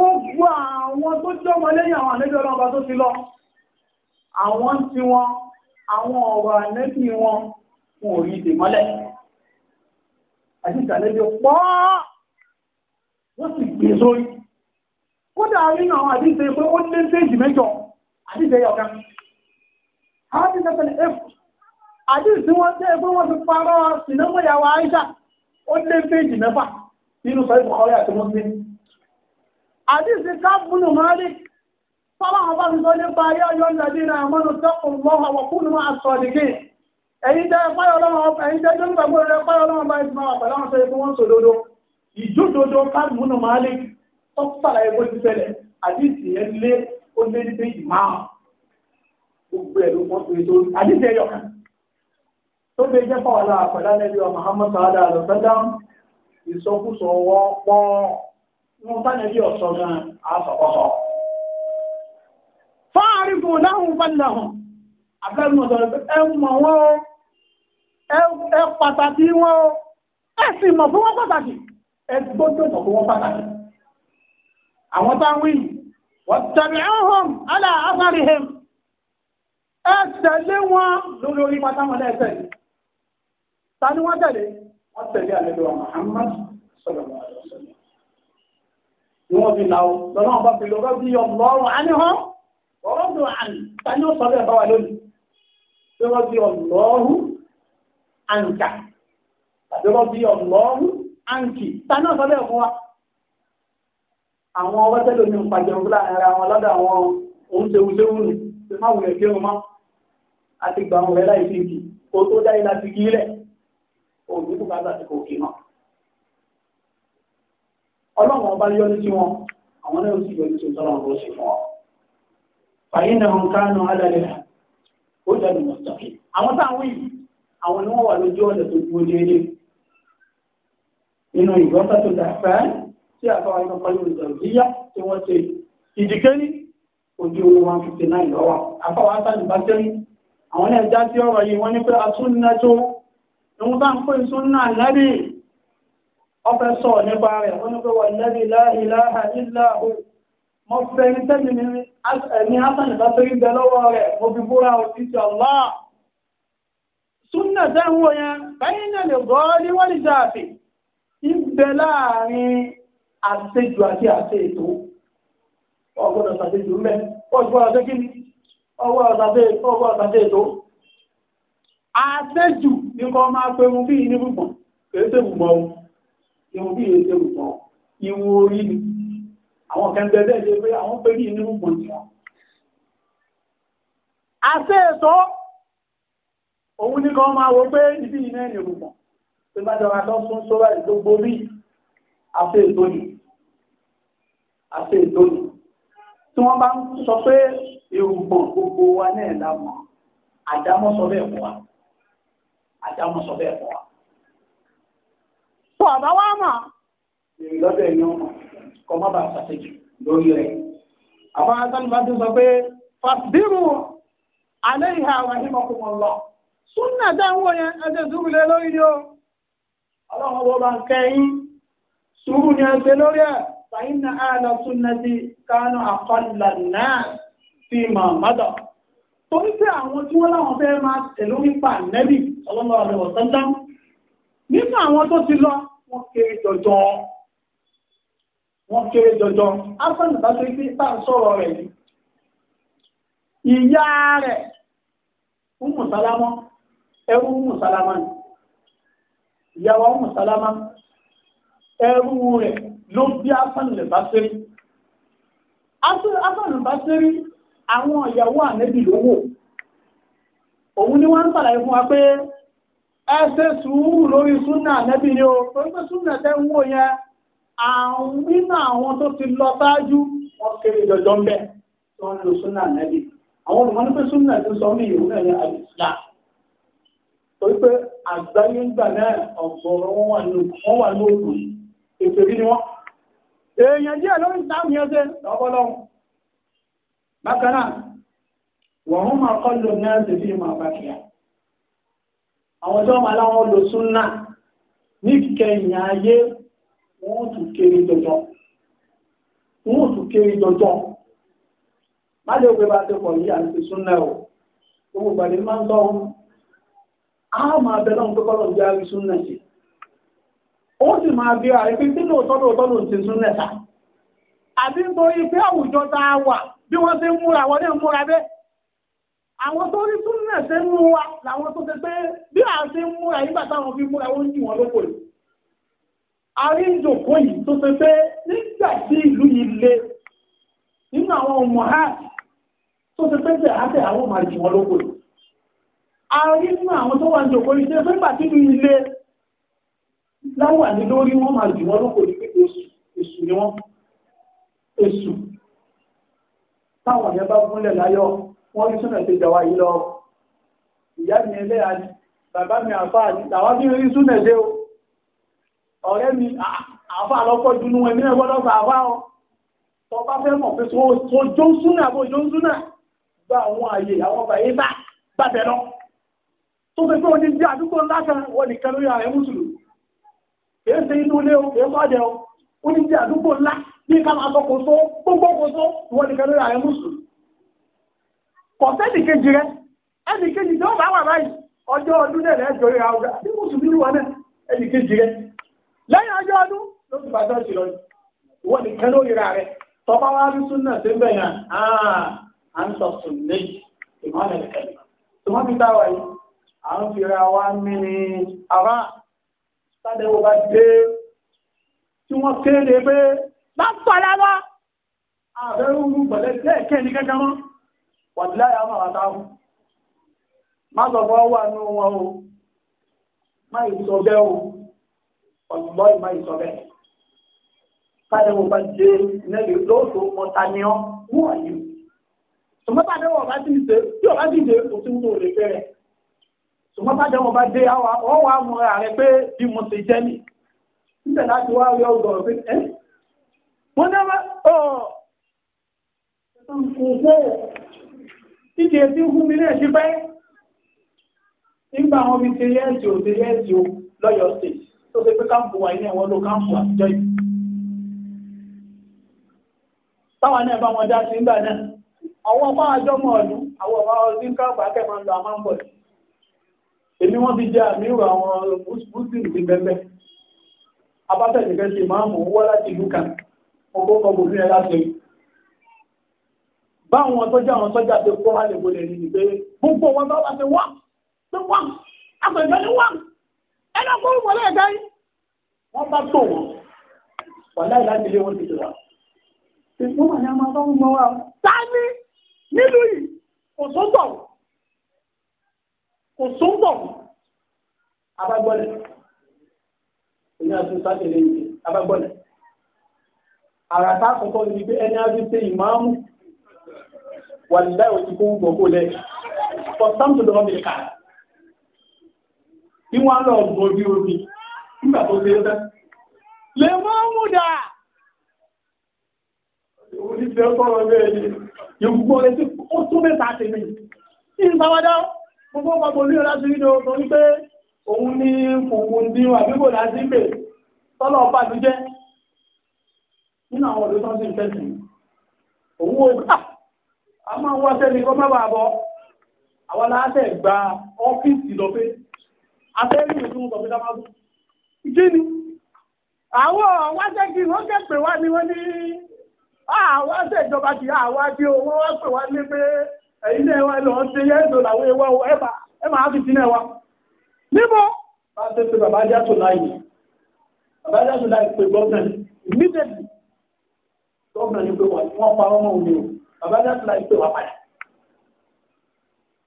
gbogbo àwọn tó jọmọ lẹ́yìn àwọn ànẹ́bí ọlọ́ọ̀bá tó ti lọ àwọn tí wọn àwọn ọ̀rọ̀ ànẹ́bí wọn wọn ò rí ìdè mọ́lẹ̀ àti ìtàlẹ́bí pọ́ wọ́n sì gbé sórí kódà nínú àwọn àdíṣe pé ó lé méjì mẹ́jọ àdíṣe ọ̀kan àdíṣe pẹ̀lú ẹ̀fù àdíṣe wọn tẹ́ pé wọ́n fi parọ́ sinamu yàwó Àìṣà ó lé méjì mẹ́fà nínú sọ́yìn Bukhari àti Muslim àdìsí káàbùnù Malik sọ́lá àwọn bá mi sọ nípa ayé ọjọ́ ìdàdí náà mọ́nu tẹ́kùn lọ́wọ́ àwọn kúnnù máa sọ nìkí ẹ̀yin tẹ́ páyọ̀ lọ́wọ́ ẹ̀yin tẹ́ jọ́nù gbàgbọ́ rẹ̀ páyọ̀ lọ́wọ́ bá ìsìn máa pẹ̀lú àwọn tó yẹ kí wọ́n sòdodo ìjódodo káàbùnù Malik tó sàlàyé bó ti ṣẹlẹ̀ àdìsí yẹn lé ó lé ní péjì márùn gbogbo ẹ̀ ló mọ́ pé tó àdìsí ẹ̀yọ̀ kan tó lè jẹ́ fọwọ́lá àpẹ̀lá wọn bá nàbí ọ̀sọ́ gan àásọ̀kọ́sọ̀. fáàrí fún láhùn fàlàhùn abẹ́rù mọ̀tọ́ ẹ mọ̀ wọ́n o ẹ pàtàkì wọn o ẹ sì mọ̀ fún wọn pàtàkì ẹ gbọ́dọ̀ mọ̀ fún wọn pàtàkì. àwọn táwọn yìí wọ́n tẹ̀lé ọ̀hún alá àfárí hẹ́m ẹ tẹ̀lé wọn lórí orí pátámọ́lá ẹ tẹ̀lé. ta ni wọ́n tẹ̀lé wọ́n tẹ̀lé àlejò Muhammad sallallahu alaihi wasallam ni wọ́n fi làwọn lọ́nà ọba fi lọ́rọ́ bí ọlọ́run àníhàn ọ̀rọ̀ dùn àní tani ó sọ bẹ́ẹ̀ bá wa lónìí lọ́rọ́ bí ọlọ́run àǹkà tàbí lọ́rọ́ bí ọlọ́run àǹkì tani ó sọ bẹ́ẹ̀ fún wa. àwọn ọwọ́ tẹ́lẹ̀ mi ń pàjẹ́ òun láàrin ara wọn lọ́dọ̀ àwọn òun ṣewúṣewú nù ṣe má wulẹ̀ kí wọn má àti gbà wọn rẹ láì fi kì kó tó dá ilà ti kí lẹ̀ òun ní kò bá bàtí kò kì náà ọlọ́run ọba yọ́nú sí wọn àwọn náà sì yọ́nú sí tọ́lá sí fún ọ. fàyín náà ń kánú alálẹ́ ó dàbí mọ̀tàkì àwọn táwọn yìí àwọn ni wọ́n wà lójú ọ̀nà tó dúró déédéé nínú ìgbọ́nsá tó dà fẹ́ tí àfọwọ́ iná pẹ̀lú ìdàrúdíyà tí wọ́n ṣe ìdíkẹ́rí ojú owó one fifty nine lọ́wọ́ àfọwọ́ átàlù bá tẹ́lẹ̀ àwọn náà já sí ọ̀rọ̀ yìí wọ́n ní pé asúnnà tó ìwọ̀n bá ń pè sún náà lábẹ́ ọfẹ́ sọ nípa rẹ̀ wọ́n ní pé wọ́n lẹ́bi láìláha ìláhù mo fẹ́ ní tẹ́lẹ̀ mi ẹ̀mí hasan ìbátorí bẹ lọ́wọ́ rẹ̀ mo fi búra òsì ti ọ̀lá. súnà ń wò yẹn náà lè gbọ́ ní wọ́n lè ìbẹ láàrin àṣejù àti àṣe ètò ṣàṣejù kí ni àṣejù ni kò máa pe ìwọ̀n bí èyí ṣe wù tán ìwò orí ni àwọn kẹ́ńtẹ́ bẹ́ẹ̀ ṣe pé àwọn pé ní inú mọ̀ ní wọn. àṣẹ èso òun ní kan máa wo pé ibi iná ẹ̀yìn rùpọ̀ tó bá jọra tó sún sóra ìdógbó rí àṣẹ èso ni àṣẹ èso ni tí wọ́n bá ń sọ pé èrùpọ̀ gbogbo wa náà lámọ̀ àdámọ́ bẹ́ẹ̀ fún wa àdámọ́ bẹ́ẹ̀ fún wa tó ọ̀bá wá mọ̀. èrè lọ́dọ̀ ẹ̀yàn kọ́ má bàa ṣàṣejù lórí rẹ̀. àwọn asánibà ti sọ pé fàṣbírù alẹ́ ìhà àwọn ìmọ̀kùnmọ̀ lọ. súnà dáhùn yẹn ẹsẹ̀ sùúrù lé lórí ni o. ọlọ́run bó bá ń kẹ́yìn sùúrù ni ẹ ṣe lórí ẹ̀. فإن أهل السنة كانوا أقل الناس فيما مضى torí pé àwọn tí wọ́n láwọn fẹ́ máa tẹ̀lé nípa nẹ́bì sallallahu alaihi wasallam nínú àwọn tó ti lọ wọ́n kéré jọjọ wọ́n kéré jọjọ afẹ́nù bá tó pé tá ń sọ̀rọ̀ rẹ̀ yìí ìyá rẹ̀ Ummu Salama ẹrú Ummu ni ìyàwó Ummu ẹrú rẹ̀ ló bí afẹ́nù bá sẹ́rí afẹ́nù bá sẹ́rí àwọn ìyàwó ànẹ́bì ló òun ni wọ́n ń sàlàyé fún wa pé ẹ ṣe sùúrù lórí súnà nẹ́bí ni o torí pé súnà tẹ́ ń wò yẹn àwọn nínú àwọn tó ti lọ ṣáájú wọn kéré jọjọ ń bẹ tí wọn lo súnà nẹ́bí àwọn olùmọ̀ ní pé súnà ti sọ mí ìwúrẹ ní àdìsílà torí pé àgbáyé gbà náà ọ̀gọ̀rọ̀ wọn wà ní wọn wà ní òkú ètò ìbí ni wọn. èèyàn díẹ̀ lórí ìtàkùn yẹn ṣe lọ́wọ́lọ́wọ́ bákan náà wọ́n máa kọ́ lóun náà ṣe fi máa bá kí àwọn tí wọ́n máa láwọn lò súnà ní kẹyìn ayé wọ́n tún kéré jọjọ wọ́n tún kéré jọjọ má lè wé bá ti pọ̀ yí àti súnà o gbogbo gbàdé máa ń tọ́ a máa bẹ lọ́n pé kọ́lọ̀ jẹ́ àrí súnà sí ó sì máa bí ààrẹ pé tí lóòótọ́ lóòótọ́ ló ti súnà sá àbí nítorí pé àwùjọ tá a wà bí wọ́n ti ń múra wọ́n ní múra bẹ́ẹ̀ àwọn tó rí súnmọ̀ sẹ́nu wa làwọn tó ṣe pé bí a ṣe ń múra nígbà táwọn fi múra wọ́n ń jù wọ́n lóko yìí. a rí ìjòkó yìí tó ṣe pé nígbà tí ìlú yìí le nínú àwọn ọmọ ha tó ṣe pé tẹ̀ àtẹ̀ àwọn máa jù wọ́n lóko yìí. a rí nínú àwọn tó wà ń jòkó yìí ṣe pé nígbà tí ìlú yìí le láwà ní lórí wọ́n máa jù wọ́n lóko yìí èṣù ni wọ́n èṣù táwọn yẹn bá gúnlẹ̀ láyọ̀ wọ́n rí súnà ṣe jọ̀wá yìí lọ ìyá mi ẹlẹ́yà ni bàbá mi àfáà ni làwọn bí rí súnà ṣe o ọ̀rẹ́ mi àfáà lọ́kọ́ dunú ẹ̀mí ẹ̀ gbọ́dọ̀ gbà àfáà o tó bá fẹ́ mọ̀ pé tó jó súnà àbò jó súnà gba àwọn àyè àwọn bàyè bá gbàbẹ̀ lọ tó fẹ́ pé o ti di àdúgbò ńlá kan wọ́n nìkan lórí ààrẹ mùsùlùmí kì í ṣe inú ilé o kì í sọ́jẹ́ o ó ti di àdúgbò ńlá bí ká máa sọ kò só gbogbo kò só ìwọ nìkan lórí ààrẹ mùsùlùmí kọ̀tẹ́nì kejì rẹ ẹnì kejì tó bá wà báyìí ọjọ́ ọdún náà lẹ́jọ́ rẹ̀ àwọn ọ̀gá ní mùsùlùmí wà náà ẹnì kejì rẹ lẹ́yìn ọjọ́ ọdún ló ti bàtà sí lọ wọ́n ní kẹ́ló ìra rẹ tọ́ba wa rí súnà sí bẹ́ẹ̀ yẹn à ń sọ sùn méjì ìmọ̀lẹ̀ kẹ́lẹ̀ tí wọ́n fi táwa yìí à ń fira wa mí ni àbá sádẹ́wò bá dé tí wọ́n kéde pé bá pàdánù àbẹ̀rù gbọ̀lẹ́ wàdílá yà máa ta mú má sọ fún ọwọ́ àánú wọn o má yìí sọ bẹ́ẹ̀ o ọ̀gbọ́n yìí má yìí sọ bẹ́ẹ̀ káyọ̀ wọn bá dé nẹ́ẹ̀lì lóòótọ́ ọ̀tá ni ọ́ wú àyè tòmọ́tà dé wọn bá ti dé tí wọn bá ti dé kò sí wọn ò lè fẹ́ rẹ̀ tòmọ́tà dé wọn bá dé ọ títí etí fún mi náà ṣe pẹ́ nígbà wọn fi ṣe yẹ́ẹ̀sì ò ṣe yẹ́ẹ̀sì ò lọ́yọ̀ state tó ṣe pé káàmpù wa ilé ẹ̀wọ̀n ló káàmpù àtijọ́ yìí táwọn náà bá wọn dá sí nígbà náà àwọn ọmọ àjọ mọ ọdún àwọn ọmọ ọdún káàpù akẹ́kọ̀ọ́ ń lọ àmọ́ ń bọ̀ èmi wọn fi jẹ àmì àwọn muslim ti bẹ́ẹ̀ abátẹ̀lẹ́fẹ́ ṣe máa wọ́n láti ìlú kan ọgbọ́n ọgbọ́n mi ẹ̀ láti ẹ̀yìn báwọn sọ́jà àwọn sọ́jà ṣe kó hálẹ̀ wọlé ní ìgbé gbogbo wọn bá wá ṣe wá ṣe wá àgbẹ̀jọ́ ni wá ẹnà kó wọlé ẹ̀dá yìí wọ́n bá tó wọn wàlá ìlàjì lé wọn ti jọra ìgbó wà ní a máa bá wọn mọ wa sáni nílùú yìí kò sóńtọ̀ kò sóńtọ̀ abagbọ́lẹ̀ èyí àti sátẹ̀lẹ̀ yìí abagbọ́lẹ̀ àràtà àkọ́kọ́ ni pé ẹni á fi ṣe ìmáàmù wàlúùdáì òtí kó ń gbọ́ kó lẹ̀ for some to the public car bí wọ́n á lọ gbọ́ bí omi nígbà tó ṣe é tán lè mọ́ mú dà oníṣẹ́ sọ̀rọ̀ bẹ́ẹ̀ ni yóò gbọ́ létí ó tún mẹ́ta tèmi ní ìsáwádá gbogbo ọgbàgbọ́ olúyọ láti rí lọ sọ wípé òun ní kòkò ní àbíkò láti pè tọ́lọ̀ ọba ló jẹ́ nínú àwọn olùsọ́sìn fẹ́sìn òun ó gbà a máa ń wá sẹ́ni kọ́ mẹ́wàá bọ́ àwọn aláṣẹ gba ọ́fíìsì lọ pé abẹ́rẹ́ ìwé tí wọ́n sọ pé dáná bù. kí ni àwọn wáṣẹ́kì wọ́n kẹ́ pè wá ni wọ́n ní àwọn aṣèjọba kì í àwọn adé owó wọ́n pè wá ní pé ẹ̀yin náà wà lọ́ọ́ ṣe yẹ́ èdò làwọn ewa ẹ̀ máa fi sílẹ̀ wa. níbo bá a ṣe pé bàbá jásù láàyè bàbá jásù láàyè pé gọ́ọ̀nà immediately gọ́ọ̀nà ni pé wọ́n pa ọmọ òun ni o bàbá láti láì pè wá padà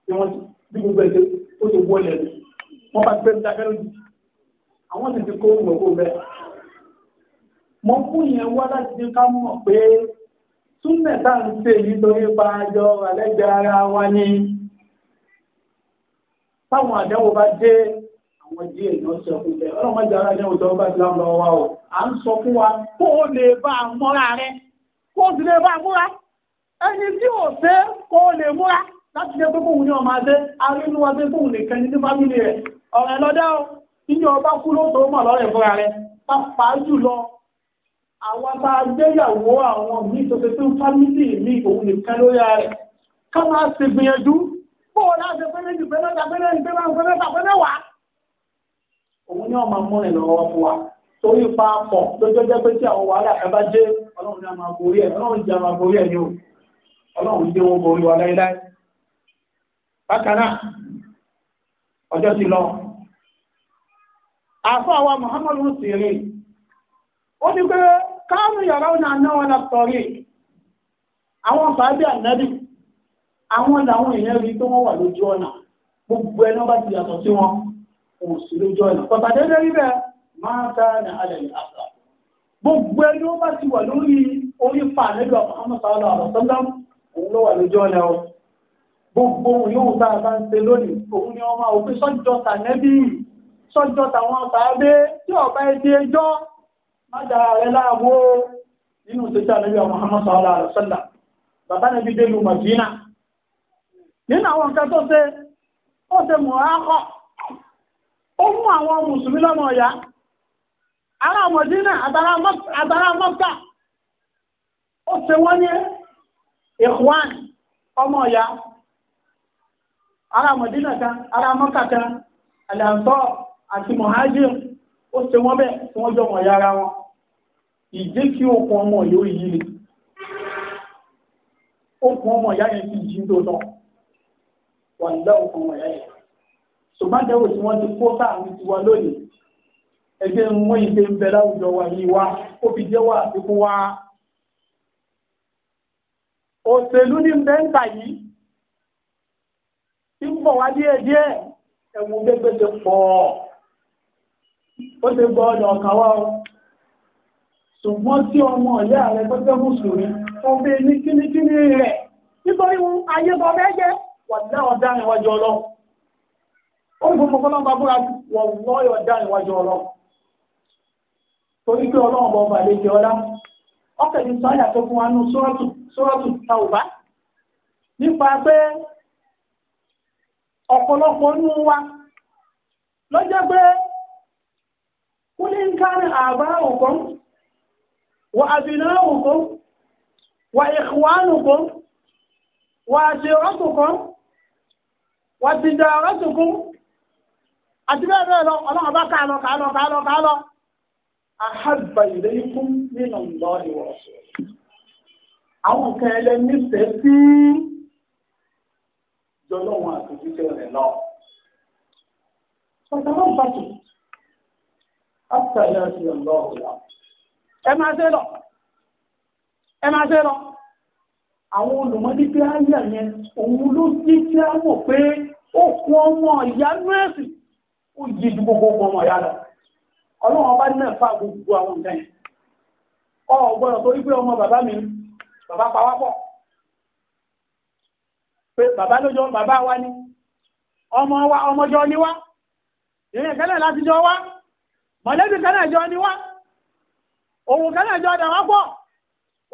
tí wọ́n bí gbogbo ẹ̀jẹ̀ ó ti wọlé ẹ̀ wọ́n bá gbẹ́rù dákẹ́ lójú àwọn sì ti kó gbogbo bẹ́ẹ̀. mo fún yẹn wá láti ká mọ̀ pé súnmẹ̀ tá à ń ṣe yìí torí pa àjọ àlẹ́gbẹ̀ ara wa ni táwọn àdánwò bá dé àwọn díẹ̀ náà sọ fún bẹ́ẹ̀ ọlọ́run máa ara àdánwò tó bá ti láwọn lọ́wọ́ wa o à ń sọ fún wa kó o lè bá a mọ́ra rẹ kó o sì lè bá a múra ẹni tí ò ṣe kó lè múra láti jẹ́ pé kóhun ní ọmọ adé arínú adé kóhun nìkan ní fámìlì rẹ̀ ọ̀rẹ́ lọ́dá o níjọ ọba kú ló tó mọ̀ lọ́rẹ̀ fúnra rẹ̀ pàápàá jùlọ àwọn tá a gbéyàwó àwọn míì tó ṣe fún fámìlì mi òun nìkan lórí rẹ̀ ká máa ṣe gbìyànjú bó o láti pé méjì pé mẹ́ta pé mẹ́rin pé márùn pé mẹ́ta pé mẹ́wàá òun ní ọmọ mú ìlọ́wọ́ fún wa torí pa pọ̀ lójọ́jọ́ pé tí àwọn wàhálà ẹ bá dé ọlọ́run ní a máa borí ẹ̀ ọlọ́run jẹ́ a máa borí ẹ̀ ọlọ́run jẹ́ wọn borí wa láéláé bákan náà ọjọ́ ti lọ àfọ́ muhammadu sèré ó ní pé káàmù yàrá ọ̀nà ànáwọn látọ̀rí àwọn fàájì ànábì àwọn làwọn èèyàn rí tó wọ́n wà lójú ọ̀nà gbogbo ẹni bá ti yàtọ̀ sí wọn kò sí lójú ọ̀nà pàtàkì ẹgbẹ́ rí bẹ́ẹ̀ máa alẹ́ ní gbogbo ẹni bá ti wà lórí orí pa òun ló wà lójú ọ̀nà o gbogbo yóò tá a bá ń ṣe lónìí òun ni ọmọ òfin sọ́jọ́ tànẹ́bí sọ́jọ́ tàwọn tàbí tí ọ̀bá ẹtì ẹjọ́ má dára rẹ láàbò nínú ìṣẹ́jọ́ àlẹ́bí ọmọ Muhammad sallallahu alaihi wasallam bàbá nàbí délu Madina nínú àwọn nǹkan tó ṣe ó ṣe mọ̀ọ́kọ̀ ó mú àwọn mùsùlùmí lọ́mọ ọ̀yá ará Madina àtàrà Mọ́kà ó ṣe wọ́n ní ikhwan ọmọ ọ̀yá ará mọ̀dínà kan ará mọ́kà kan àlàntọ́ àti mọ̀hájìm ó ṣe wọ́n bẹ́ẹ̀ tí wọ́n jọ mọ̀ọ́yá ara wọn ìdí kí okùn ọmọ yóò yí ni okùn ọmọ ìyá yẹn ti jí tó wà ń okùn ọmọ ìyá yẹn ṣùgbọ́n dẹ́wò tí wọ́n ti kó sáàrin tiwa lónìí ẹgbẹ́ ń mú ìgbé ń bẹ láwùjọ wa yìí wá ó fi jẹ́ wá àfikún wá òṣèlú ní bẹ́ńtà yìí tí ń bọ̀ wá díẹ̀ díẹ̀ ẹ̀wù gbẹgbẹ ti pọ̀ ó ti gbọ́ ọ̀nà ọ̀kan wá o ṣùgbọ́n tí ọmọ ìyá rẹ̀ tó jẹ́ mùsùlùmí wọ́n bẹ ní kínníkínní rẹ̀ nítorí wọn ayé bọ́ bẹ́ẹ̀ jẹ́ wà dá ọ̀dá ìwájú ọlọ́run ó ń fọmọ fọlọ́n bá búra wọ̀n lọ́yọ̀ dá ìwájú ọlọ́run torí pé ọlọ́run bọ̀ ọba àlejò ọlá ọkẹ́ sọ́yà tó fún wa nù sọ́ọ̀tù sọ́rọ́tù tàwùbá nípa pé ọ̀pọ̀lọpọ̀ nú wa lọ́jọ́ pé kúlé ń kárí àbá òkun wà àbìnà òkun wà ìkwánùkun wà àṣírọ́tùkun wà tìjàrọ́tùkun àti bẹ́ẹ̀ bẹ́ẹ̀ lọ ọlọ́run bá kàánọ kàánọ kàánọ kàánọ àhábà ìlẹ́yìn nínú lọ́ọ̀lì wọ̀ọ̀sùn àwọn nǹkan ẹlẹ́nìfẹ̀ẹ́ sí jọlọ́run àtòjúṣe rẹ̀ lọ. Sọ̀tàrọ̀ bàtù, àtàlẹ́ àti ọ̀lọ́ ọ̀la. Ẹ máa ṣe lọ, ẹ máa ṣe lọ. Àwọn olùmọ́dé pé áyà yẹn, òun ló dé kí á wò pé ó kú ọmọ ìyá nọ́ọ̀sì, ó yí ju gbogbo ọmọ ìyá lọ. Ọlọ́run ọba náà fà gbogbo àwọn nǹkan yẹn. Ọ̀ torí pé ọmọ bàbá mi ni bàbá pa wá pọ̀ pé bàbá lójó bàbá wa ni ọmọ wa ọmọjọ ni wá ìrìn kẹlẹ̀ láti jọ wá mọ̀lẹ́bí kẹlẹ̀ jọ ni wá òun kẹlẹ̀ jọ dà wá pọ̀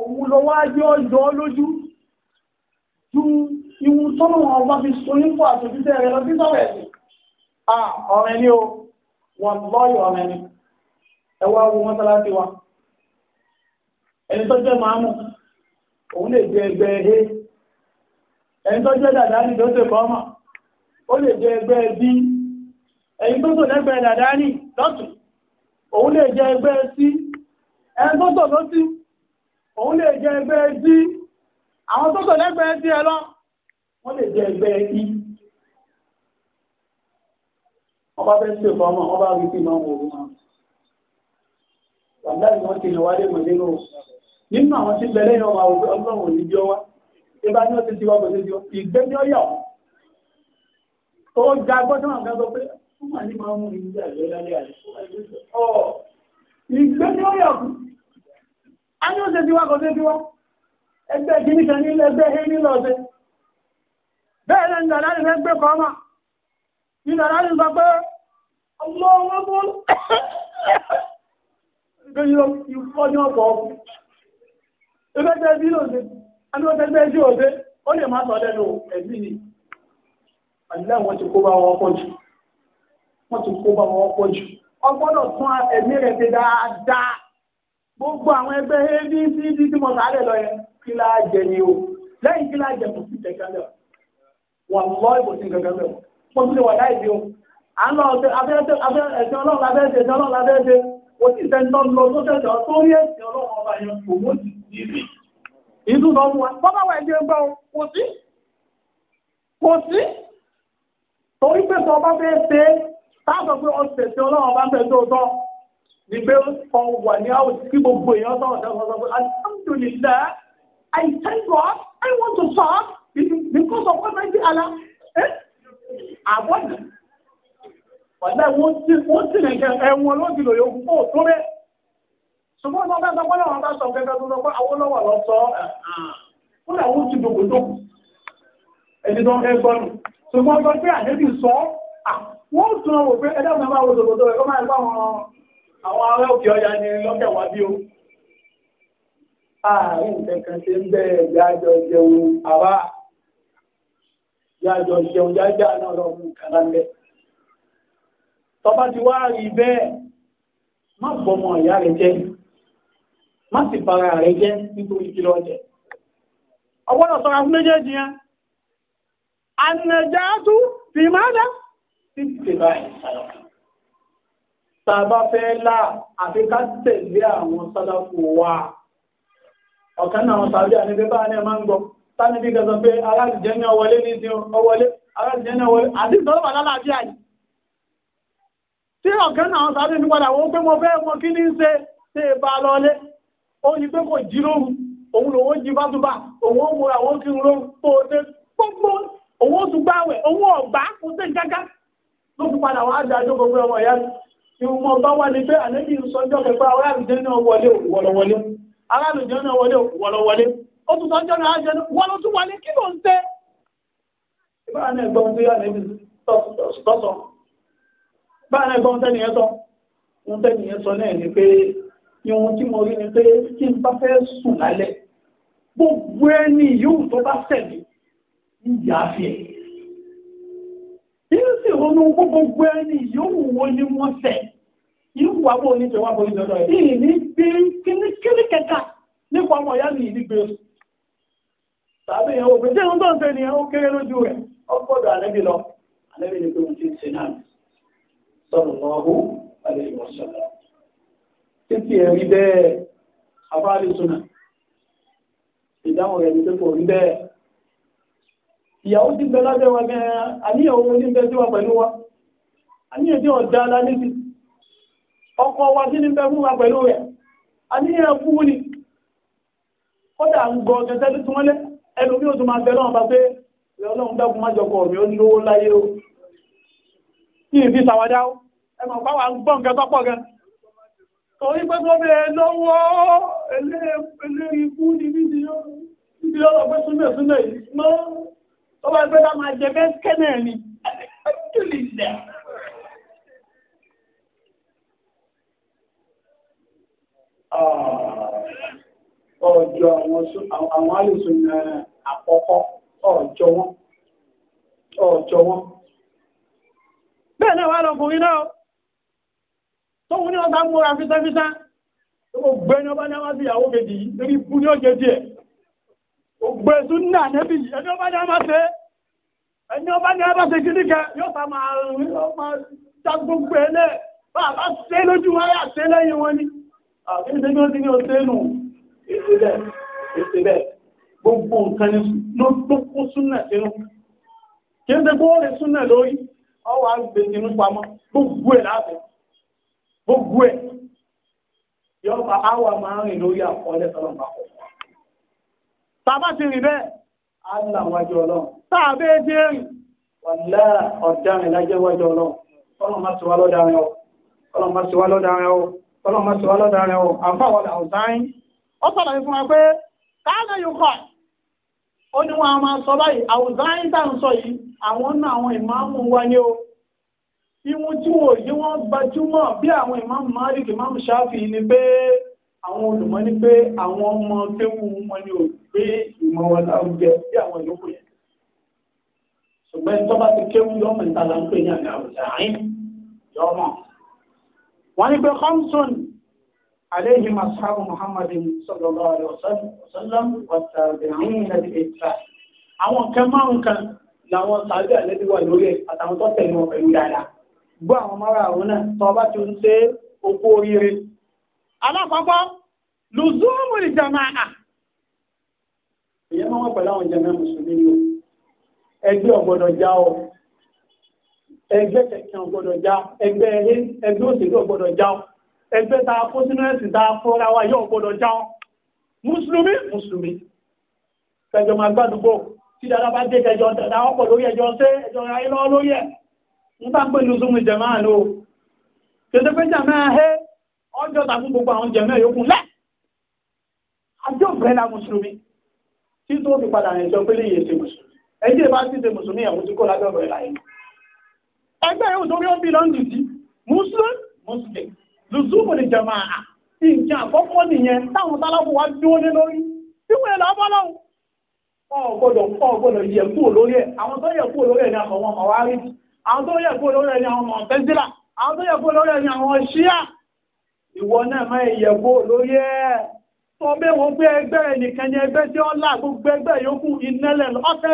òun lọ wá yọ yọ lójú ju iwu tọ́lọ́wọ́n ọba fi so nípò àtòjútẹ́ rẹ lọ sí sọ́rọ̀ ẹ̀sìn ọ̀rẹ́ ni o wọ́n lọ́yọ̀ ọ̀rẹ́ ni ẹwà wo mọ́sálásí wa ẹni tó jẹ́ màámu òun lè jẹ ẹgbẹ́ ẹ̀hẹ́ ẹni tó jẹ́ dàdá ní lọ́sẹ̀ kọ́mọ̀ ó lè jẹ ẹgbẹ́ ẹbí ẹni tó tò lẹ́gbẹ̀ẹ́ dàdá ní lọ́tún òun lè jẹ ẹgbẹ́ sí ẹni tó tò lọ́sí òun lè jẹ ẹgbẹ́ sí àwọn tó tò lẹ́gbẹ̀ẹ́ sí ẹ lọ wọ́n lè jẹ ẹgbẹ́ ẹbí ọba fẹ́ ṣe kọ́mọ̀ ọba rí máa ń wò ó máa wà láì wọ́n ti lọ wálé mọ̀lẹ́rọ̀ nínú àwọn tí bẹ̀rẹ̀ yọ wà ọlọ́run òní bí ọ wá ní ó ti pẹ̀lú tiwọ́ ìgbé yọ̀ ó ga gbọ́dọ̀ àwọn kan pé wọ́n mà ní máa mú ìgbé àlẹ́ lálẹ́ àlẹ́ ìgbé ní yọ̀ kú a ní ó ti tiwọ́ kò ti tiwọ́ ẹgbẹ́ kìíní kan ní ẹgbẹ́ hé nílò ọ̀sẹ̀ bẹ́ẹ̀ lẹ́nu dàdá ni fẹ́ gbé kọ́ mà ní dàdá ni sọ pé ọmọ ìfẹ́fẹ́ bí ló ṣe ẹni ebe tẹ́gbẹ́ oze òṣè ó lè má sọ lẹ́nu ẹ̀mí ni àdúrà ti kó bá wọn pọ̀ ti bá ọkọ ju jù ọgbọ́dọ̀ tún dáadáa gbogbo àwọn ebe abcd tí mo sáré lọ kí jẹ ni o lẹ́yìn kí láá jẹ kò sí kankan lẹ̀ wọ́n lọ ìbò sí o à ń lọ ẹ̀sìn o lọ tó tó rí ọba yẹn níbi. Ìlú lọ wọ bọ́bá wà ẹgbẹ́ ẹgbẹ́ kò sí. Kò sí. Torí pé sọ bá fẹ́ ṣe táàbọ̀ pé ọ̀sẹ̀ tí ọlọ́run bá fẹ́ tóótọ́ ni pé kọ wà ní àwùjọ kí gbogbo èèyàn sọ̀rọ̀ dáhùn sọ pé alhamdulillah I thank God I want to talk because of what I did ala. Àbọ̀dì. Wọ́n ti wọ́n ti nìkan ẹ̀wọ̀n ló ti lò yóò kó tó bẹ́ẹ̀ ṣùgbọ́n ọmọ ọgbẹ́ ọgbẹ́ ọ̀hún bá sọ gẹ́gẹ́ tó lọ́pọ̀ àwọn olówó lọ sọ ó lè wọ́n ti dògbò dògbò ẹni tó ń fẹ́ gbọ́nù ṣùgbọ́n sọ pé àdébì sọ wọ́n tún ọ̀rọ̀ pé ẹ̀dá ọ̀nà máa wo dògbò dògbò ẹ̀kọ́ máa ń bá àwọn ará òkè ọya ni lọ́kẹ̀ wá bí o. ààrin kankan ṣe ń bẹ yájọ jẹun àbá yájọ jẹun yájá náà lọ mú kàrá ń bẹ tọ́ba ti wá rí bẹ́ẹ̀ má bọ́mọ ìyá rẹ̀ jẹ́ má sì bara rẹ jẹ́ nítorí kí lọ jẹ ọgbọ́dọ̀ sọra fún méjèèjì yẹn ànàjáàtú fi máa dá sí ti báyìí sálọ fẹ́ là àfi ká tẹ̀lé àwọn sálàfù wa ọ̀kan náà sàbí àníbí bá ní ẹ máa ń gbọ́ tani bí gàzọ pé aláàjẹ ní ọwọlé ní ti ọwọlé aláàjẹ ní ọwọlé àti ìtọ́lọ́pàá lálàájẹ́ àyè tí ọ̀kan náà sàbí mi padà wọ́n pé mo fẹ́ mọ kí ní ṣe ṣe bá ó ní pé kò jí lóru òun lòun ó jí bátúbà òun ó múra òun kírun lóru tó o dé gbogbo òun ó tún gbáwẹ̀ òun ọ̀gbá kò sí gágá ló fi padà wá àjà àjọ gbogbo ọmọ ìyá ìwọ̀n bá wà ní pé àlejò ìsọjọ́ kẹfà aráàlùjẹ́ náà wọlé òwòlọ́wọlé aráàlùjẹ́ náà wọlé òwòlọ́wọlé ó tún sọjọ́ náà jẹ́ wọ́n ló tún wọlé kí ló ń tẹ́ báà náà gbọ́n tó yà níbi tọ́sọ̀ báà náà gbọ́n tẹ́niyẹ sọ ń tẹ́niyẹ sọ náà ni pé ìwọ̀n tí mo rí ni pé kí n bá fẹ́ sùn lálẹ́ gbogbo ẹni yóò tó bá sẹ̀mí ń yà á fi ẹ̀. yíyí sì ronú gbogbo ẹni yóò wo ni wọ́n sẹ̀ yíyí wà bó ní jẹ́ wà bó ní jẹ́ lọ́dọ̀ yìí ní gbé kíníkíní kẹta nípa ọmọ ìyá mi ní gbé tàbí ìyàwó pé jẹ́ ohun tó ń fẹ́ ni ó kéré lójú rẹ̀ ọgbọ́dọ̀ àlẹ́bí lọ àlẹ́bí ni pé wọ́n ti ń ṣe náà sọ̀rọ̀ lọ́wọ́ àlẹ́ ìwọ̀sọ̀rọ̀ títí ẹ̀ rí bẹ́ẹ̀ afáàlì sùnà ìdáhùn rẹ̀ ní pẹ́pọ̀ rí bẹ́ẹ̀ ìyàwó ti bẹ lábẹ́ wa gan-an ní bẹ sí wa pẹ̀lú wa àníyàn tí ọ̀dà la ní ti ọkọ wa sí ní bẹ fún wa pẹ̀lú rẹ̀ àníyàn fún ni kódà ń gbọ́ kẹsẹ́ tó tún wọlé ẹnu bí o tún máa bẹ lọ́wọ́ bá pé lọ́wọ́ dákun má jọkọ̀ mi ó ní owó láyé o kí n fi sàwádà ó ẹ gbọ́ nǹkan tó pọ̀ gan-an torí pé tó bẹ̀rẹ̀ lọ́wọ́ eléyìí kú ní níbi ọ̀rọ̀ pé súnmẹ̀ súnmẹ̀ yìí mọ́ tó bá gbé bá máa jẹ bẹ́ẹ̀ kẹ́nẹ̀ ni ah, ọjọ́ àwọn alùsùn eh, àkọ́kọ́ ọjọ́ wọn ọjọ́ wọn bẹ́ẹ̀ náà wà lọ́kùnrin náà tóun ní ọ̀sán múra físáfísá ògbẹ́ ni ọba ní a máa fi ìyàwó kejì yìí lórí ikú ní òjè díẹ̀ ògbẹ́ súnà nẹ́bí yìí ẹni ọba ní a máa ṣe ẹni ọba ní a máa ṣe kìdíkẹ yóò sá máa rìn yóò máa já gbogbo ẹ lẹ bàbá ṣe lójú wa yà ṣe lẹ́yìn wọn ni àbí ṣe bí ó ti ní oṣù nù èsì bẹ èsì bẹ gbogbo nǹkan ni ló tó kó súnà sínú gbogbo ẹ̀ awa fa áwà máa lórí àkọọ́lẹ̀ tọ́lọ̀ bá pọ̀. Tàbá ti rìn bẹ́ẹ̀, á ń là wájú rìn, wájú má ti wá o. Ọlọ́run má ti wá lọ́daràn o. Ọlọ́run má ti wá o. Àǹfààwọ̀ làwọn sáyìn. Ó sọ̀rọ̀ fún wa pé yóò ọ wọn a máa sọ báyìí, àwùjọ ayé tá à ń sọ yìí, àwọn o. ìwọ̀n tí wọ́n yí wọ́n gbajúmọ̀ bí àwọn imam malik imam shafi ni pé àwọn olùmọ̀ ni pé àwọn ọmọ tẹ́wù wọn ni ò gbé ìmọ̀ wọn lárugẹ bí àwọn yòókù yẹn ṣùgbọ́n ẹni tó bá ti kéwù yọmọ ìtàlá ń pè ní àgbà àwùjá yín yọmọ. wọ́n ní pé khamsun عليهم أصحاب محمد صلى wa عليه وسلم والتابعين بإحسان àwọn kan márùn kan làwọn sàbẹ̀ àlẹ́bí wà lórí ẹ̀ àtàwọn tó tẹ̀lé wọn pẹ̀lú dáadáa gbọ́ àwọn mọ́ra àwọn náà tọ́ bá ti ń ṣe okó oríire. alákọ̀ọ́kọ́ lùzúmù ìjàmáà. ìyẹn máa wọ́n pẹ̀lú àwọn jàmáà mùsùlùmí ni o ẹgbẹ́ ọ̀gbọ́dọ̀ já o ẹgbẹ́ kẹ̀kẹ́ ọ̀gbọ́dọ̀ já ẹgbẹ́ ẹgbẹ́ òṣèlú ọ̀gbọ́dọ̀ já o ẹgbẹ́ tá a sínú ẹ̀sìn tá a fọ́ra wa yóò gbọ́dọ̀ já o mùsùlùmí mùsùlùmí kẹjọ máa gbádùgbò tí dáadáa bá dé kẹjọ nígbà pé lùsùmù jẹ̀mọ́ àlò tètè pé jẹ̀mọ́ ahẹ́ ọjọ́ tàbí gbogbo àwọn jẹ̀mọ́ yòókù lẹ́ àjọ bẹ́ẹ̀lá mùsùlùmí tí tó fi padà rìn jọ pé lè yẹ ṣe mùsùlùmí ẹjẹ́ bá ti ṣe mùsùlùmí ẹ̀hún ti kó lábẹ́ ọ̀rọ̀ ìlàyé ẹgbẹ́ yóò tó rí ó bí lọ́ndì sí mùsùlùm mùsùlùm lùsùmù ni jẹ̀mọ́ à ìjà àkọ́kọ́ nìyẹn táwọn tálábù wá dúró lé lórí tí wọ́n lọ́ bọ́lọ́wọ́ ọ̀gbọ́dọ̀ ọ̀gbọ́dọ̀ yẹ̀ kúrò lórí ẹ̀ àwọn tó yẹ̀ kúrò lórí ẹ̀ ní àwọn ọmọ àwárí àwọn tó yẹ kúrò lórí ẹni àwọn mọ̀tẹ́sílà àwọn tó yẹ kúrò lórí ẹni àwọn ṣíà ìwọ náà máa yẹ kúrò lórí ẹ̀ tó bẹ́ẹ̀ wọ́n gbé ẹgbẹ́ rẹ̀ nìkan ní ẹgbẹ́ tí wọ́n là gbogbo ẹgbẹ́ yòókù ìnẹ́lẹ̀ ọ̀tẹ́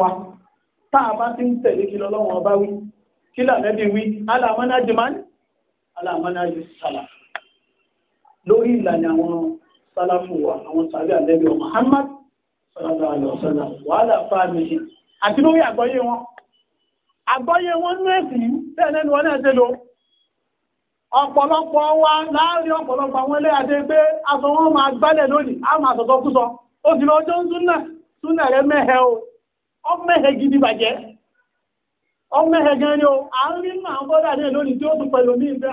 wa tá a bá ti ń tẹ̀lé kí lọ́lọ́wọ́n ọba wí kí lànàbí wí alàmọ́nájú máa ń alàmọ́nájú sàlà lórí ìlànà àwọn sálàfù wa àwọn sàbí àlẹ́bí wa Muhammad sọ́lọ́dọ̀ àlọ́sọ́lá wàhálà fáàmìlì àti lórí àgbọ́yé wọn àgbọ́yé wọn ní ẹ̀sìn tẹ́lẹ̀ ọ̀pọ̀lọpọ̀ wa láàrin ọ̀pọ̀lọpọ̀ àwọn ilé adé pé aṣọ wọn máa gbálẹ̀ lónìí á máa sọ̀tọ̀ kú sọ ó sì lọ ọjọ́ súnà súnà rẹ mẹ́hẹ o ọ mẹ́hẹ gidi bàjẹ́ ọ mẹ́hẹ gan ni o ń rí bọ́dà ní lónìí tí ó tún pẹ̀lú ní ìgbà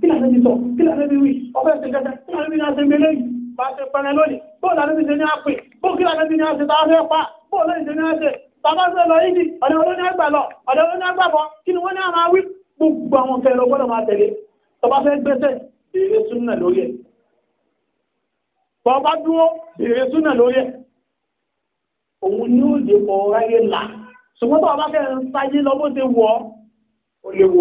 kílà náà ti sọ kílà náà ti wí ọ̀fẹ́ ti gẹ́gẹ́ kílà náà ti ní a ṣe ń gbélé yìí bá a ṣe pẹrẹ lónìí bó lànà ti ṣe ní a pè bó kílà náà ti ní a ṣe tá a fẹ́ pa bó lónìí ti ní a ṣe bàbá ṣe lọ yìí ni ọ̀dẹ̀ olóní àgbà lọ ọ̀dẹ̀ olóní àgbà bọ̀ kí ni wọ́n ní a máa wí gbogbo àwọn kẹrẹ ọgbọ́dọ̀ máa tẹ̀lé tọba fẹ́ gbẹ́sẹ̀ èrè súnà lórí ẹ̀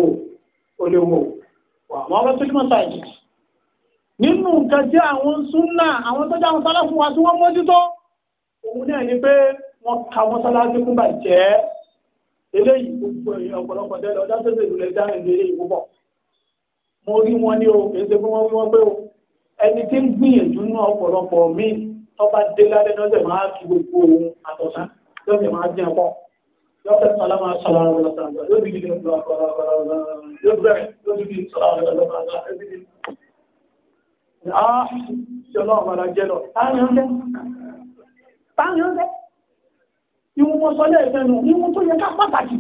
wọ́n rọ́ sílùmọ̀ sáàjì nínú nǹkan tí àwọn súnnà àwọn tó jẹ́ àwọn sálàfù wa tí wọ́n mójútó òun náà ni pé wọ́n ka wọ́n sálàfù kún bàjẹ́ eléyìí gbogbo èèyàn ọ̀pọ̀lọpọ̀ tẹ́lẹ̀ ọjọ́ tó tẹ̀lé lẹ́jà ìlú eléyìí púpọ̀ mo rí wọn ní o kì í ṣe fún wọn wí wọn pé o ẹni tí ń gbìyànjú ní ọ̀pọ̀lọpọ̀ míì tó bá dé lálẹ́ lọ́sẹ̀ máa kí gbogbo ohun àtọ̀sán lọ́sẹ̀ lọ́pẹ́ tí aláma sọ̀rọ̀ àwọn ọ̀sán yóò bí ilé ọ̀gbọ̀n ọ̀gbọ̀n ọ̀gbọ̀n yóò bẹ̀rẹ̀ yóò bí ilé sọ̀rọ̀ àwọn ọ̀gbọ̀n ọ̀gbọ̀n ẹbí ni. Ah, ṣọlá ọ̀gbọ̀n ọ̀jẹ́ lọ. Táyọ̀ ń bẹ́. Táyọ̀ ń bẹ́. Ìwọ̀n mo sọ lẹ́ẹ̀fẹ́ nu, ìwọ̀n tó yẹ ká pàtàkì.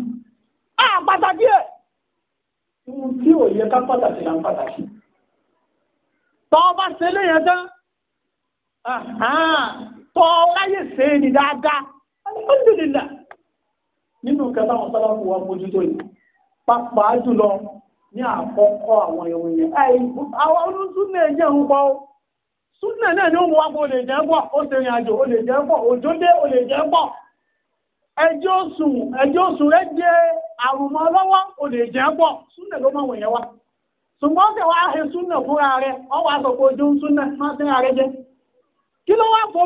À pàtàkì ẹ̀. Ìwọ̀n tí ò yẹ ká pàtàkì là ń pàtàkì. Tọ́ ọba ṣe léyẹn tán. Tọ́ ọ láyè ṣe é ní dáadáa. Alhamdulillah nínú kẹta àwọn sáláfù wa mójútó yìí pápá jùlọ ní àkọ́kọ́ àwọn ìròyìn yẹn. àwọn olùsùn náà jẹ́ òun pa ó súnà náà ni ó mú wá bó lè jẹ́ pọ̀ ó tẹ̀rìn àjò ó lè jẹ́ pọ̀ òjò dé ó lè jẹ́ pọ̀ ẹjọ́ sùn ẹjọ́ sùn rẹ jẹ́ àrùnmọ́ lọ́wọ́ ó lè jẹ́ pọ̀ súnà ló máa wọ̀nyẹn wá ṣùgbọ́n tẹ̀ wá he súnà fúnra rẹ wọ́n wá sọ pé ojú ń súnà má sí ara rẹ jẹ́ kí ló wá fọ́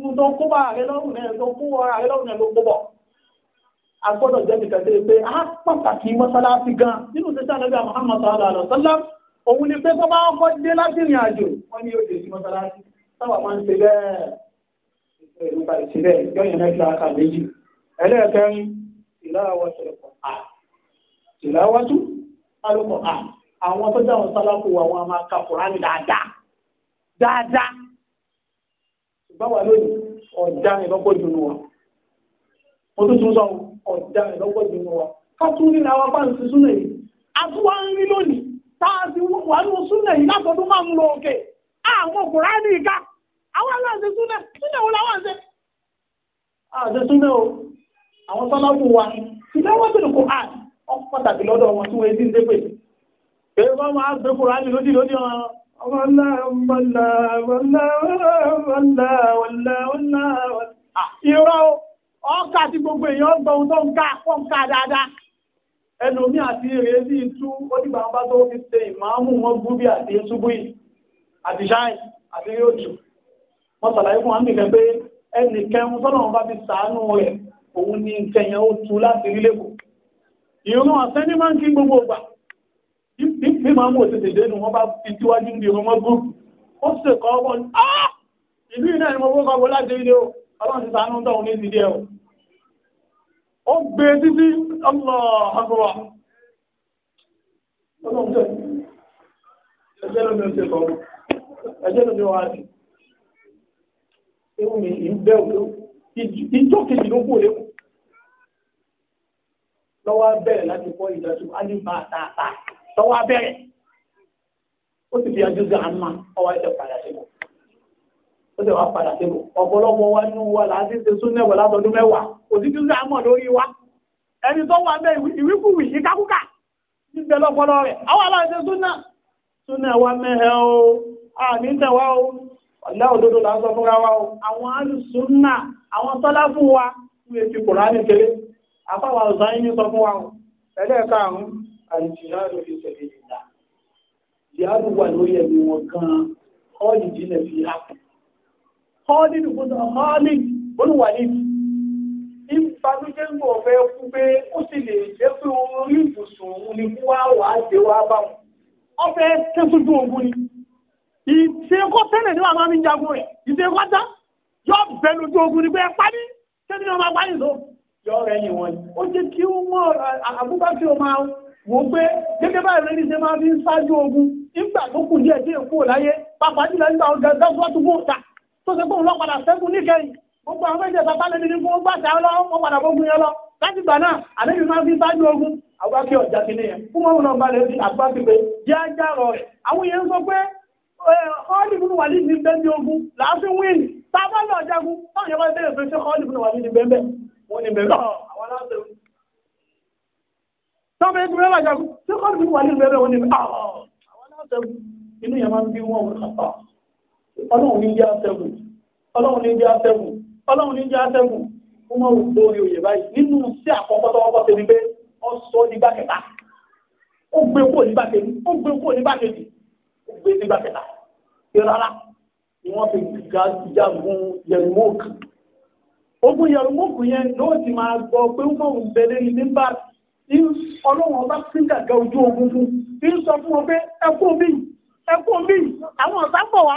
mo tó kó bá rẹ lọ́rùn rẹ tó kó agbọ́dọ̀ jẹ́ nìkan tó yẹ pé a ah, pàtàkì mọ́sálásí gan nínú sẹ́sẹ́ àlọ́bí Muhammad sallallahu alaihi wasallam òun ni pé tó bá kọ́ dé láti rìn àjò wọ́n ní yóò dé sí mọ́sálásí sábà máa ń ṣe bẹ́ẹ̀ ìlú ba ìṣe bẹ́ẹ̀ yọ̀yìn náà fìlà kà méjì ẹlẹ́ẹ̀kẹrin tìláwájú alùpùpù àwọn tó dáhùn sálákù àwọn a máa ka Kùránì dáadáa dáadáa ṣùgbọ́n wà lónìí ọ̀dá ìlọ́pọ̀ jù nù wọn. mo tún tún sọ wọn ọ̀dà ìlọ́pọ̀ jù wọn wa ká tún rí làwọn bá ń ti súnà yìí àtúwá ń rí lónìí tá a ti wà ní súnà yìí látọdún máa ń lọ òkè àwọn ọkùnrin á ní ìka àwọn aláǹsẹ súnà súnà wo làwọn àǹsẹ. àǹsẹ súnà o àwọn sọlábù wa ìdáwọ́ tó lè kó àn ọkọ̀ pàtàkì lọ́dọ̀ wọn tí wọ́n ti ń dé pè. èyí wọ́n máa gbé kúránì lódì lódì wọn ọmọ ńlá ńlá ńlá ọkà tí gbogbo èèyàn gbọ́ ohun tó ń ká pọ̀ ń ká dáadáa ẹnu mi àti èrè sí itú ó dìgbà wọn bá tó fi ṣe ìmáàmù wọn gúbí àti ṣubú yìí àti ṣáì àti yóò jù wọn ṣàlàyé fún wa nìkan pé ẹnì kẹrin sọ́nà wọn bá fi sàánú rẹ̀ òun ni nkẹyìn ó tu láti rí lẹ́kọ̀ọ́ ìrún ọ̀sẹ́ ní máa ń kí gbogbo ọgbà bí ìmáàmù òtètè dénú wọn bá fi tíwájú ní ìrún wọn gúrú ó sì kọ́ ọ́ bọ́ọ̀lù ìlú ìnáyẹ̀mọ́ fún ọkọ̀ ó gbé títí ọlọ́ọ̀hánbọ̀wà ọlọ́ọ̀tẹ́ lọ́wọ́ bẹ̀rẹ̀ láti kọ́ ìdájọ́ alíbà tààtà lọ́wọ́ bẹ̀rẹ̀ ó ti padà sí wọn. ó sì wá padà síbò ọ̀pọ̀lọpọ̀ wa nínú wa là á ti ṣe súnẹ̀wọ̀ látọdún mẹ́wàá kò sí tún sáà mọ̀ lórí wa ẹni tó wà bẹ́ẹ̀ ìwíkúwì ìkákúkà níbẹ̀ lọ́pọ̀lọ rẹ̀ àwọn aláṣẹ súnà súnà wa mẹ́hẹ̀ o àmì ń tẹ̀wá o ọ̀lá òdodo là ń sọ fúnra wa o àwọn alùsúnà àwọn tọ́lá fún wa fún ètò kòránì kéré àfáwà ọ̀sán yìí sọ fún wa o ẹlẹ́ẹ̀ka àrùn àìjìlá ló fi tẹ̀lé Khalid gbọ́dọ̀ Khalid olùwàlid. Ìbànújẹ́ ń bọ̀ fẹ́ kú pé ó sì lè jẹ́ pé orí ìbùsùn òun ni kú wá wà á dé wá bá wọn. Wọ́n fẹ́ tẹ́sójú ogun ni. Ìṣekọ́ tẹ́lẹ̀ ní màmá mi ń jagun rẹ̀. Ìṣekọ́ tán yọ bẹ̀rù ojú ogun ni pé ẹ parí. Sẹ́ni ọmọ parí lọ. Yọ rẹ̀ yìí wọ̀nyí. Ó jẹ́ kí ó mọ àbúkọ́ tí ó máa wò pé gẹ́gẹ́ báyìí lórí ṣe máa fi ń ṣáájú ogun. Nígbà tó kù díẹ̀ tí èkó láyé, pàpàdé lọ́jọ́ tó ṣe pé òun lọ padà sẹ́kù níkẹyìn gbogbo àwọn méjèèjì bàbá lẹ́ni ní fún gbàtà lọ wọ́n padà gbógun yẹn lọ láti gbà náà àlejò máa fi bájú ogun àgbákẹ́ ọ̀jà kìíní yẹn fún wọn náà balẹ̀ fi àgbákẹ́ pé jájá rọ rẹ̀ àwọn yẹn ń sọ pé ọ́ọ́lì fún wàlí ní bẹ́ẹ̀ ogun làásù wíìn tábà lọ jagun táwọn yẹn bá bẹ̀rẹ̀ pé ṣé ọ́ọ́lì fún wàlí ní bẹ́ẹ̀ wọ́n ní bẹ́ẹ̀ àwọn aláṣẹ tọ́bẹ̀ ẹgbẹ́ bẹ́ẹ̀ lọ jagun ṣé ọ́ọ́lì fún wàlí ní bẹ́ẹ̀ wọ́n ní bẹ́ẹ̀ àwọn aláṣẹ inú yẹn máa ń bí wọn wọ́n kàtà ọlọ́run ní jẹ́ àtẹ̀gùn ọlọ́run ní jẹ́ àtẹ̀gùn ọlọ́run ní jẹ́ àtẹ̀gùn ó mọ̀ lórí òye báyìí nínú sí àkọ́kọ́ tọ́wọ́kọ́ ṣe ni pé ọ sọ nígbà kẹta ó gbé kúrò nígbà kejì ó gbé kúrò nígbà kejì ó gbé nígbà kẹta ìrara ni wọ́n fi jagun yẹ̀rùmọ́ọ̀k ogun yẹ̀rùmọ́ọ̀k yẹn ló ti máa gbọ́ pé ó mọ̀ ń bẹ̀rẹ̀ ní nígbà tí ọlọ́run ọba sí gàgà ojú ogun fún ń sọ fún wọn pé ẹ kú mi ẹ kú mi àwọn ọ̀sán bọ̀ wá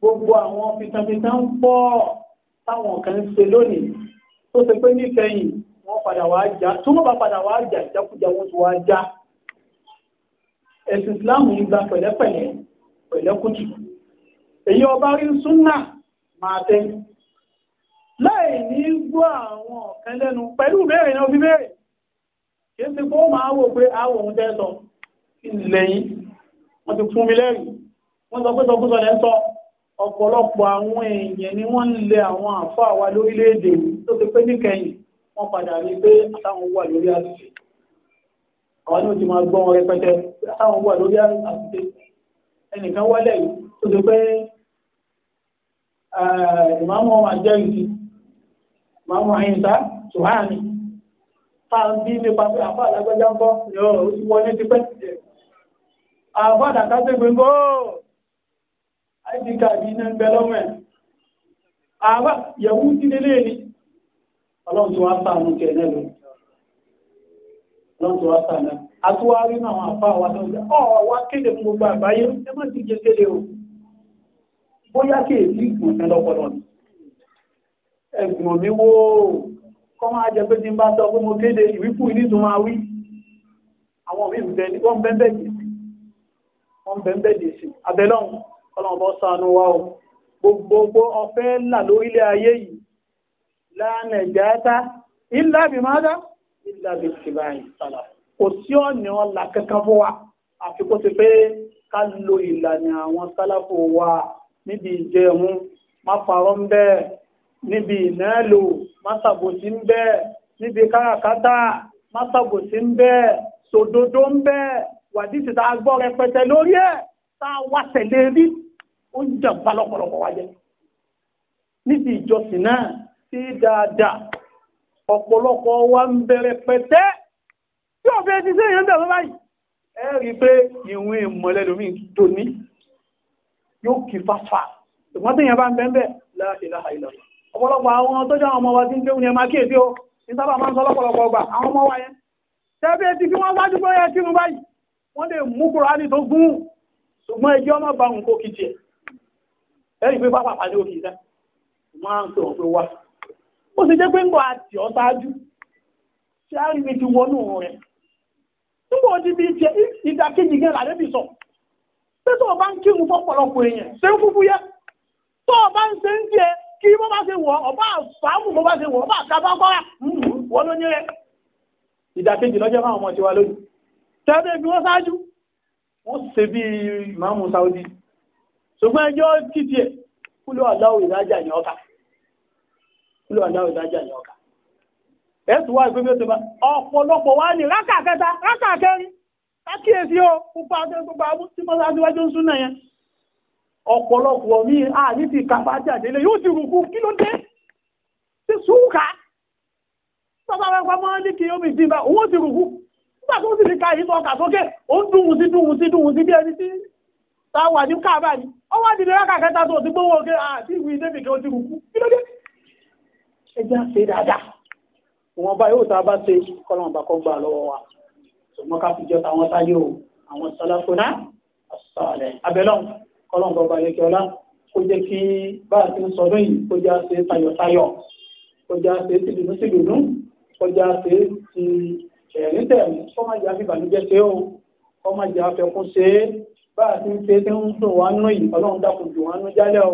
gbogbo àwọn fitafita ń pọ̀ táwọn kan ń ṣe lónìí tó ṣe pé nífẹ̀yìn wọ́n padà wá já tó wọ́n bá padà wá já ìjákújá wọn tó wá já ẹ̀sìn ìsìláàmù yìí gba pẹ̀lẹ́pẹ̀lẹ́ pẹ̀lẹ́kùtù èyí ọba rí súnà máa tẹ́ láì ní gbọ́ àwọn ọ̀kan lẹ́nu pẹ̀lú ìbéèrè náà fi béèrè kì í ṣe kó máa wò pé àwọn òun tẹ́ sọ ilẹ̀ yìí wọ́n ti fún mi lẹ́rìí wọ́n sọ pé sọkúsọ lẹ́ sọ ọ̀pọ̀lọpọ̀ àwọn èèyàn ni wọ́n ń lé àwọn àfáà wa lórílẹ̀‐èdè tó ti pé níkẹyìn wọ́n padà rí pé àtàwọn wà lórí àtúnṣe àwọn ní o ti máa gbọ́ wọn rẹpẹtẹ àtàwọn wà lórí àtúnṣe ẹnìkan wọlé yìí tó ti pé eh, ìmáàmù ọmọ àjẹ́ yìí ìmáàmù àyìnsá tùhánì tá a bí nípa pé àfáà alágbájá ń bọ́ ni ó ti wọlé tipẹ́ àfáà dàkásẹ́gbẹ̀ id card iná ń bẹ lọ́wọ́ ẹ̀ àbá yẹ̀wú ti délé ni ọlọ́run tó wá sàánú tiẹ̀ náà lọ ọlọ́run tó wá sàánú àtúwárí náà àwọn àfáà wa tó ń bẹ ọ wá kéde fún gbogbo àgbáyé ẹ má ti jẹ kéde o bóyá kí ní tó ọlọ́mọbọ ṣàánú wa o gbogbogbò ọ̀fẹ́ là lórílẹ̀ ayé yìí lánà ìjáyátá illa bi mada illa bi tìbáyì sálà kò sí ọ̀nà ọ̀la kankan fún wa àfi kó ti pé ká lo ìlànà àwọn sálàfò níbi káràkátà má ń bẹ́ẹ̀ sòdodo ń bẹ́ẹ̀ wàdí ti ta gbọ́ rẹpẹtẹ lórí ẹ̀ tá a tẹ̀lé rí ó ń jàǹfà lọ́pọ̀lọpọ̀ wájẹ́ níbi ìjọsìn náà sí dáadáa ọ̀pọ̀lọpọ̀ wa ń bẹ̀rẹ̀ pẹ̀tẹ́ tí ọ̀fẹ́ ti sẹ́yìn ń dà lọ́wọ́ báyìí ẹ rí i pé ìwé ìmọ̀lẹ́ lómi tó ní yóò kí fáfá ṣùgbọ́n tí ìyẹn bá ń bẹ́ ń bẹ́ la ilaha illallah ọ̀pọ̀lọpọ̀ àwọn tó jẹ́ àwọn ọmọ wa tí ń kéwù ní ẹ máa kíyèsí o ní sábà máa ń sọ lọ́pọ̀lọpọ̀ ọgbà àwọn ọmọ wa yẹn tẹ́bí etí kí wọ́n wájú bóyá kírun báyìí wọ́n lè mú kúránì tó gún ṣùgbọ́n ẹjọ́ má ba nǹkó kìtì ẹ̀ ẹ̀rí pé pápá pàdé òkè ìdá máa ń sọ pé wá ó sì jẹ́ pé àti ṣé rí mi ti wọnú rẹ̀ nígbà ó ti bí jẹ ìdákejì gan sọ pé tó o bá ń kírun fọ́pọ̀lọpọ̀ èèyàn ṣé ń fúfú yẹ tó o bá ń ṣe ń ọba àfàmù bó bá ṣe wọ̀ hmm, wọ́n ló ní rẹ̀ lọ́jọ́ máa mọ̀ tiwa lónìí tẹ́lẹ̀ ṣùgbọ́n ẹjọ́ títí ẹ̀ kúlò aláwọ̀ ìdájà ní ọkà kúlò aláwọ̀ ìdájà ní ọkà ẹ̀sùn wá ìgbé mẹ́tọ́ ọ̀pọ̀lọpọ̀ wá ní rákà kẹta rákà kẹrin kákíyèsí o púpọ̀ àtẹ́ gbogbo àwọn tí mọ́lá síwájú ń súnà yẹn ọ̀pọ̀lọpọ̀ mi àní ti kàbá jáde lé yóò ti rùkú kí ló dé ti súnkà bàbá wa pa mọ́ ní kí omi dìbà òun ti rùkú nígbà tó ti fi ka yìí sọ ọkà sókè ó ń dùn sí dùn sí dùn sí bí ẹni tí tá a wà ní káàbà ni ó wá dìde rákà kẹta tó ti gbówó oge àti ah, ìwé débi kan ti rùkú kí ló àṣẹ dáadáa wọn bá yóò tá a bá ṣe kọ́lọ́n bá kọ́ lọ́wọ́ wa ṣùgbọ́n ká fi jọ àwọn sáyé o àwọn sálàfóná àṣàlẹ̀ abẹ́lọ́n kọ́lọ́n bá balẹ̀ kí ọlá kó jẹ́ kí bá a ti ń sọdún yìí kó jẹ́ àṣẹ tayọ̀tayọ̀ kó jẹ́ àṣẹ tìdùnú tìdùnú kó jẹ́ àṣẹ ti ẹ̀rín tẹ̀rín kó má jẹ́ àfi bànújẹ́ ṣe o kó má jẹ́ àfẹkún ṣe é bá a ń ṣe tí ń sùn wá nú yìí ọlọ́run dákun jù wá nú jálẹ̀ o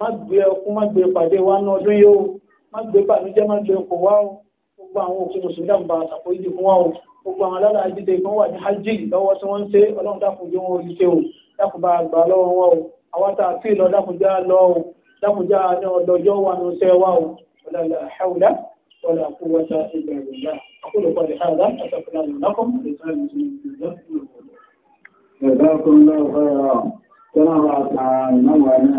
má gbé ẹkún má gbé pàdé wá nú ọdún yìí o má gbé bànújẹ́ má gbé kò wá o gbogbo àwọn òkú mùsùlùmí dàmbà àtàkó yìí fún wa o gbogbo àwọn alára ajídé kan wà ní hajj lọ́wọ́ tí wọ́n ń ṣe ọlọ́run dákun jù wọn oríṣẹ́ o dákun bá a gbà lọ́wọ́ wọn o àwọn tá a fi lọ dákun já lọ o dákun já ní ọdọọjọ́ wà ní oṣẹ́ wa o wala جزاكم الله خيرا كما بعثنا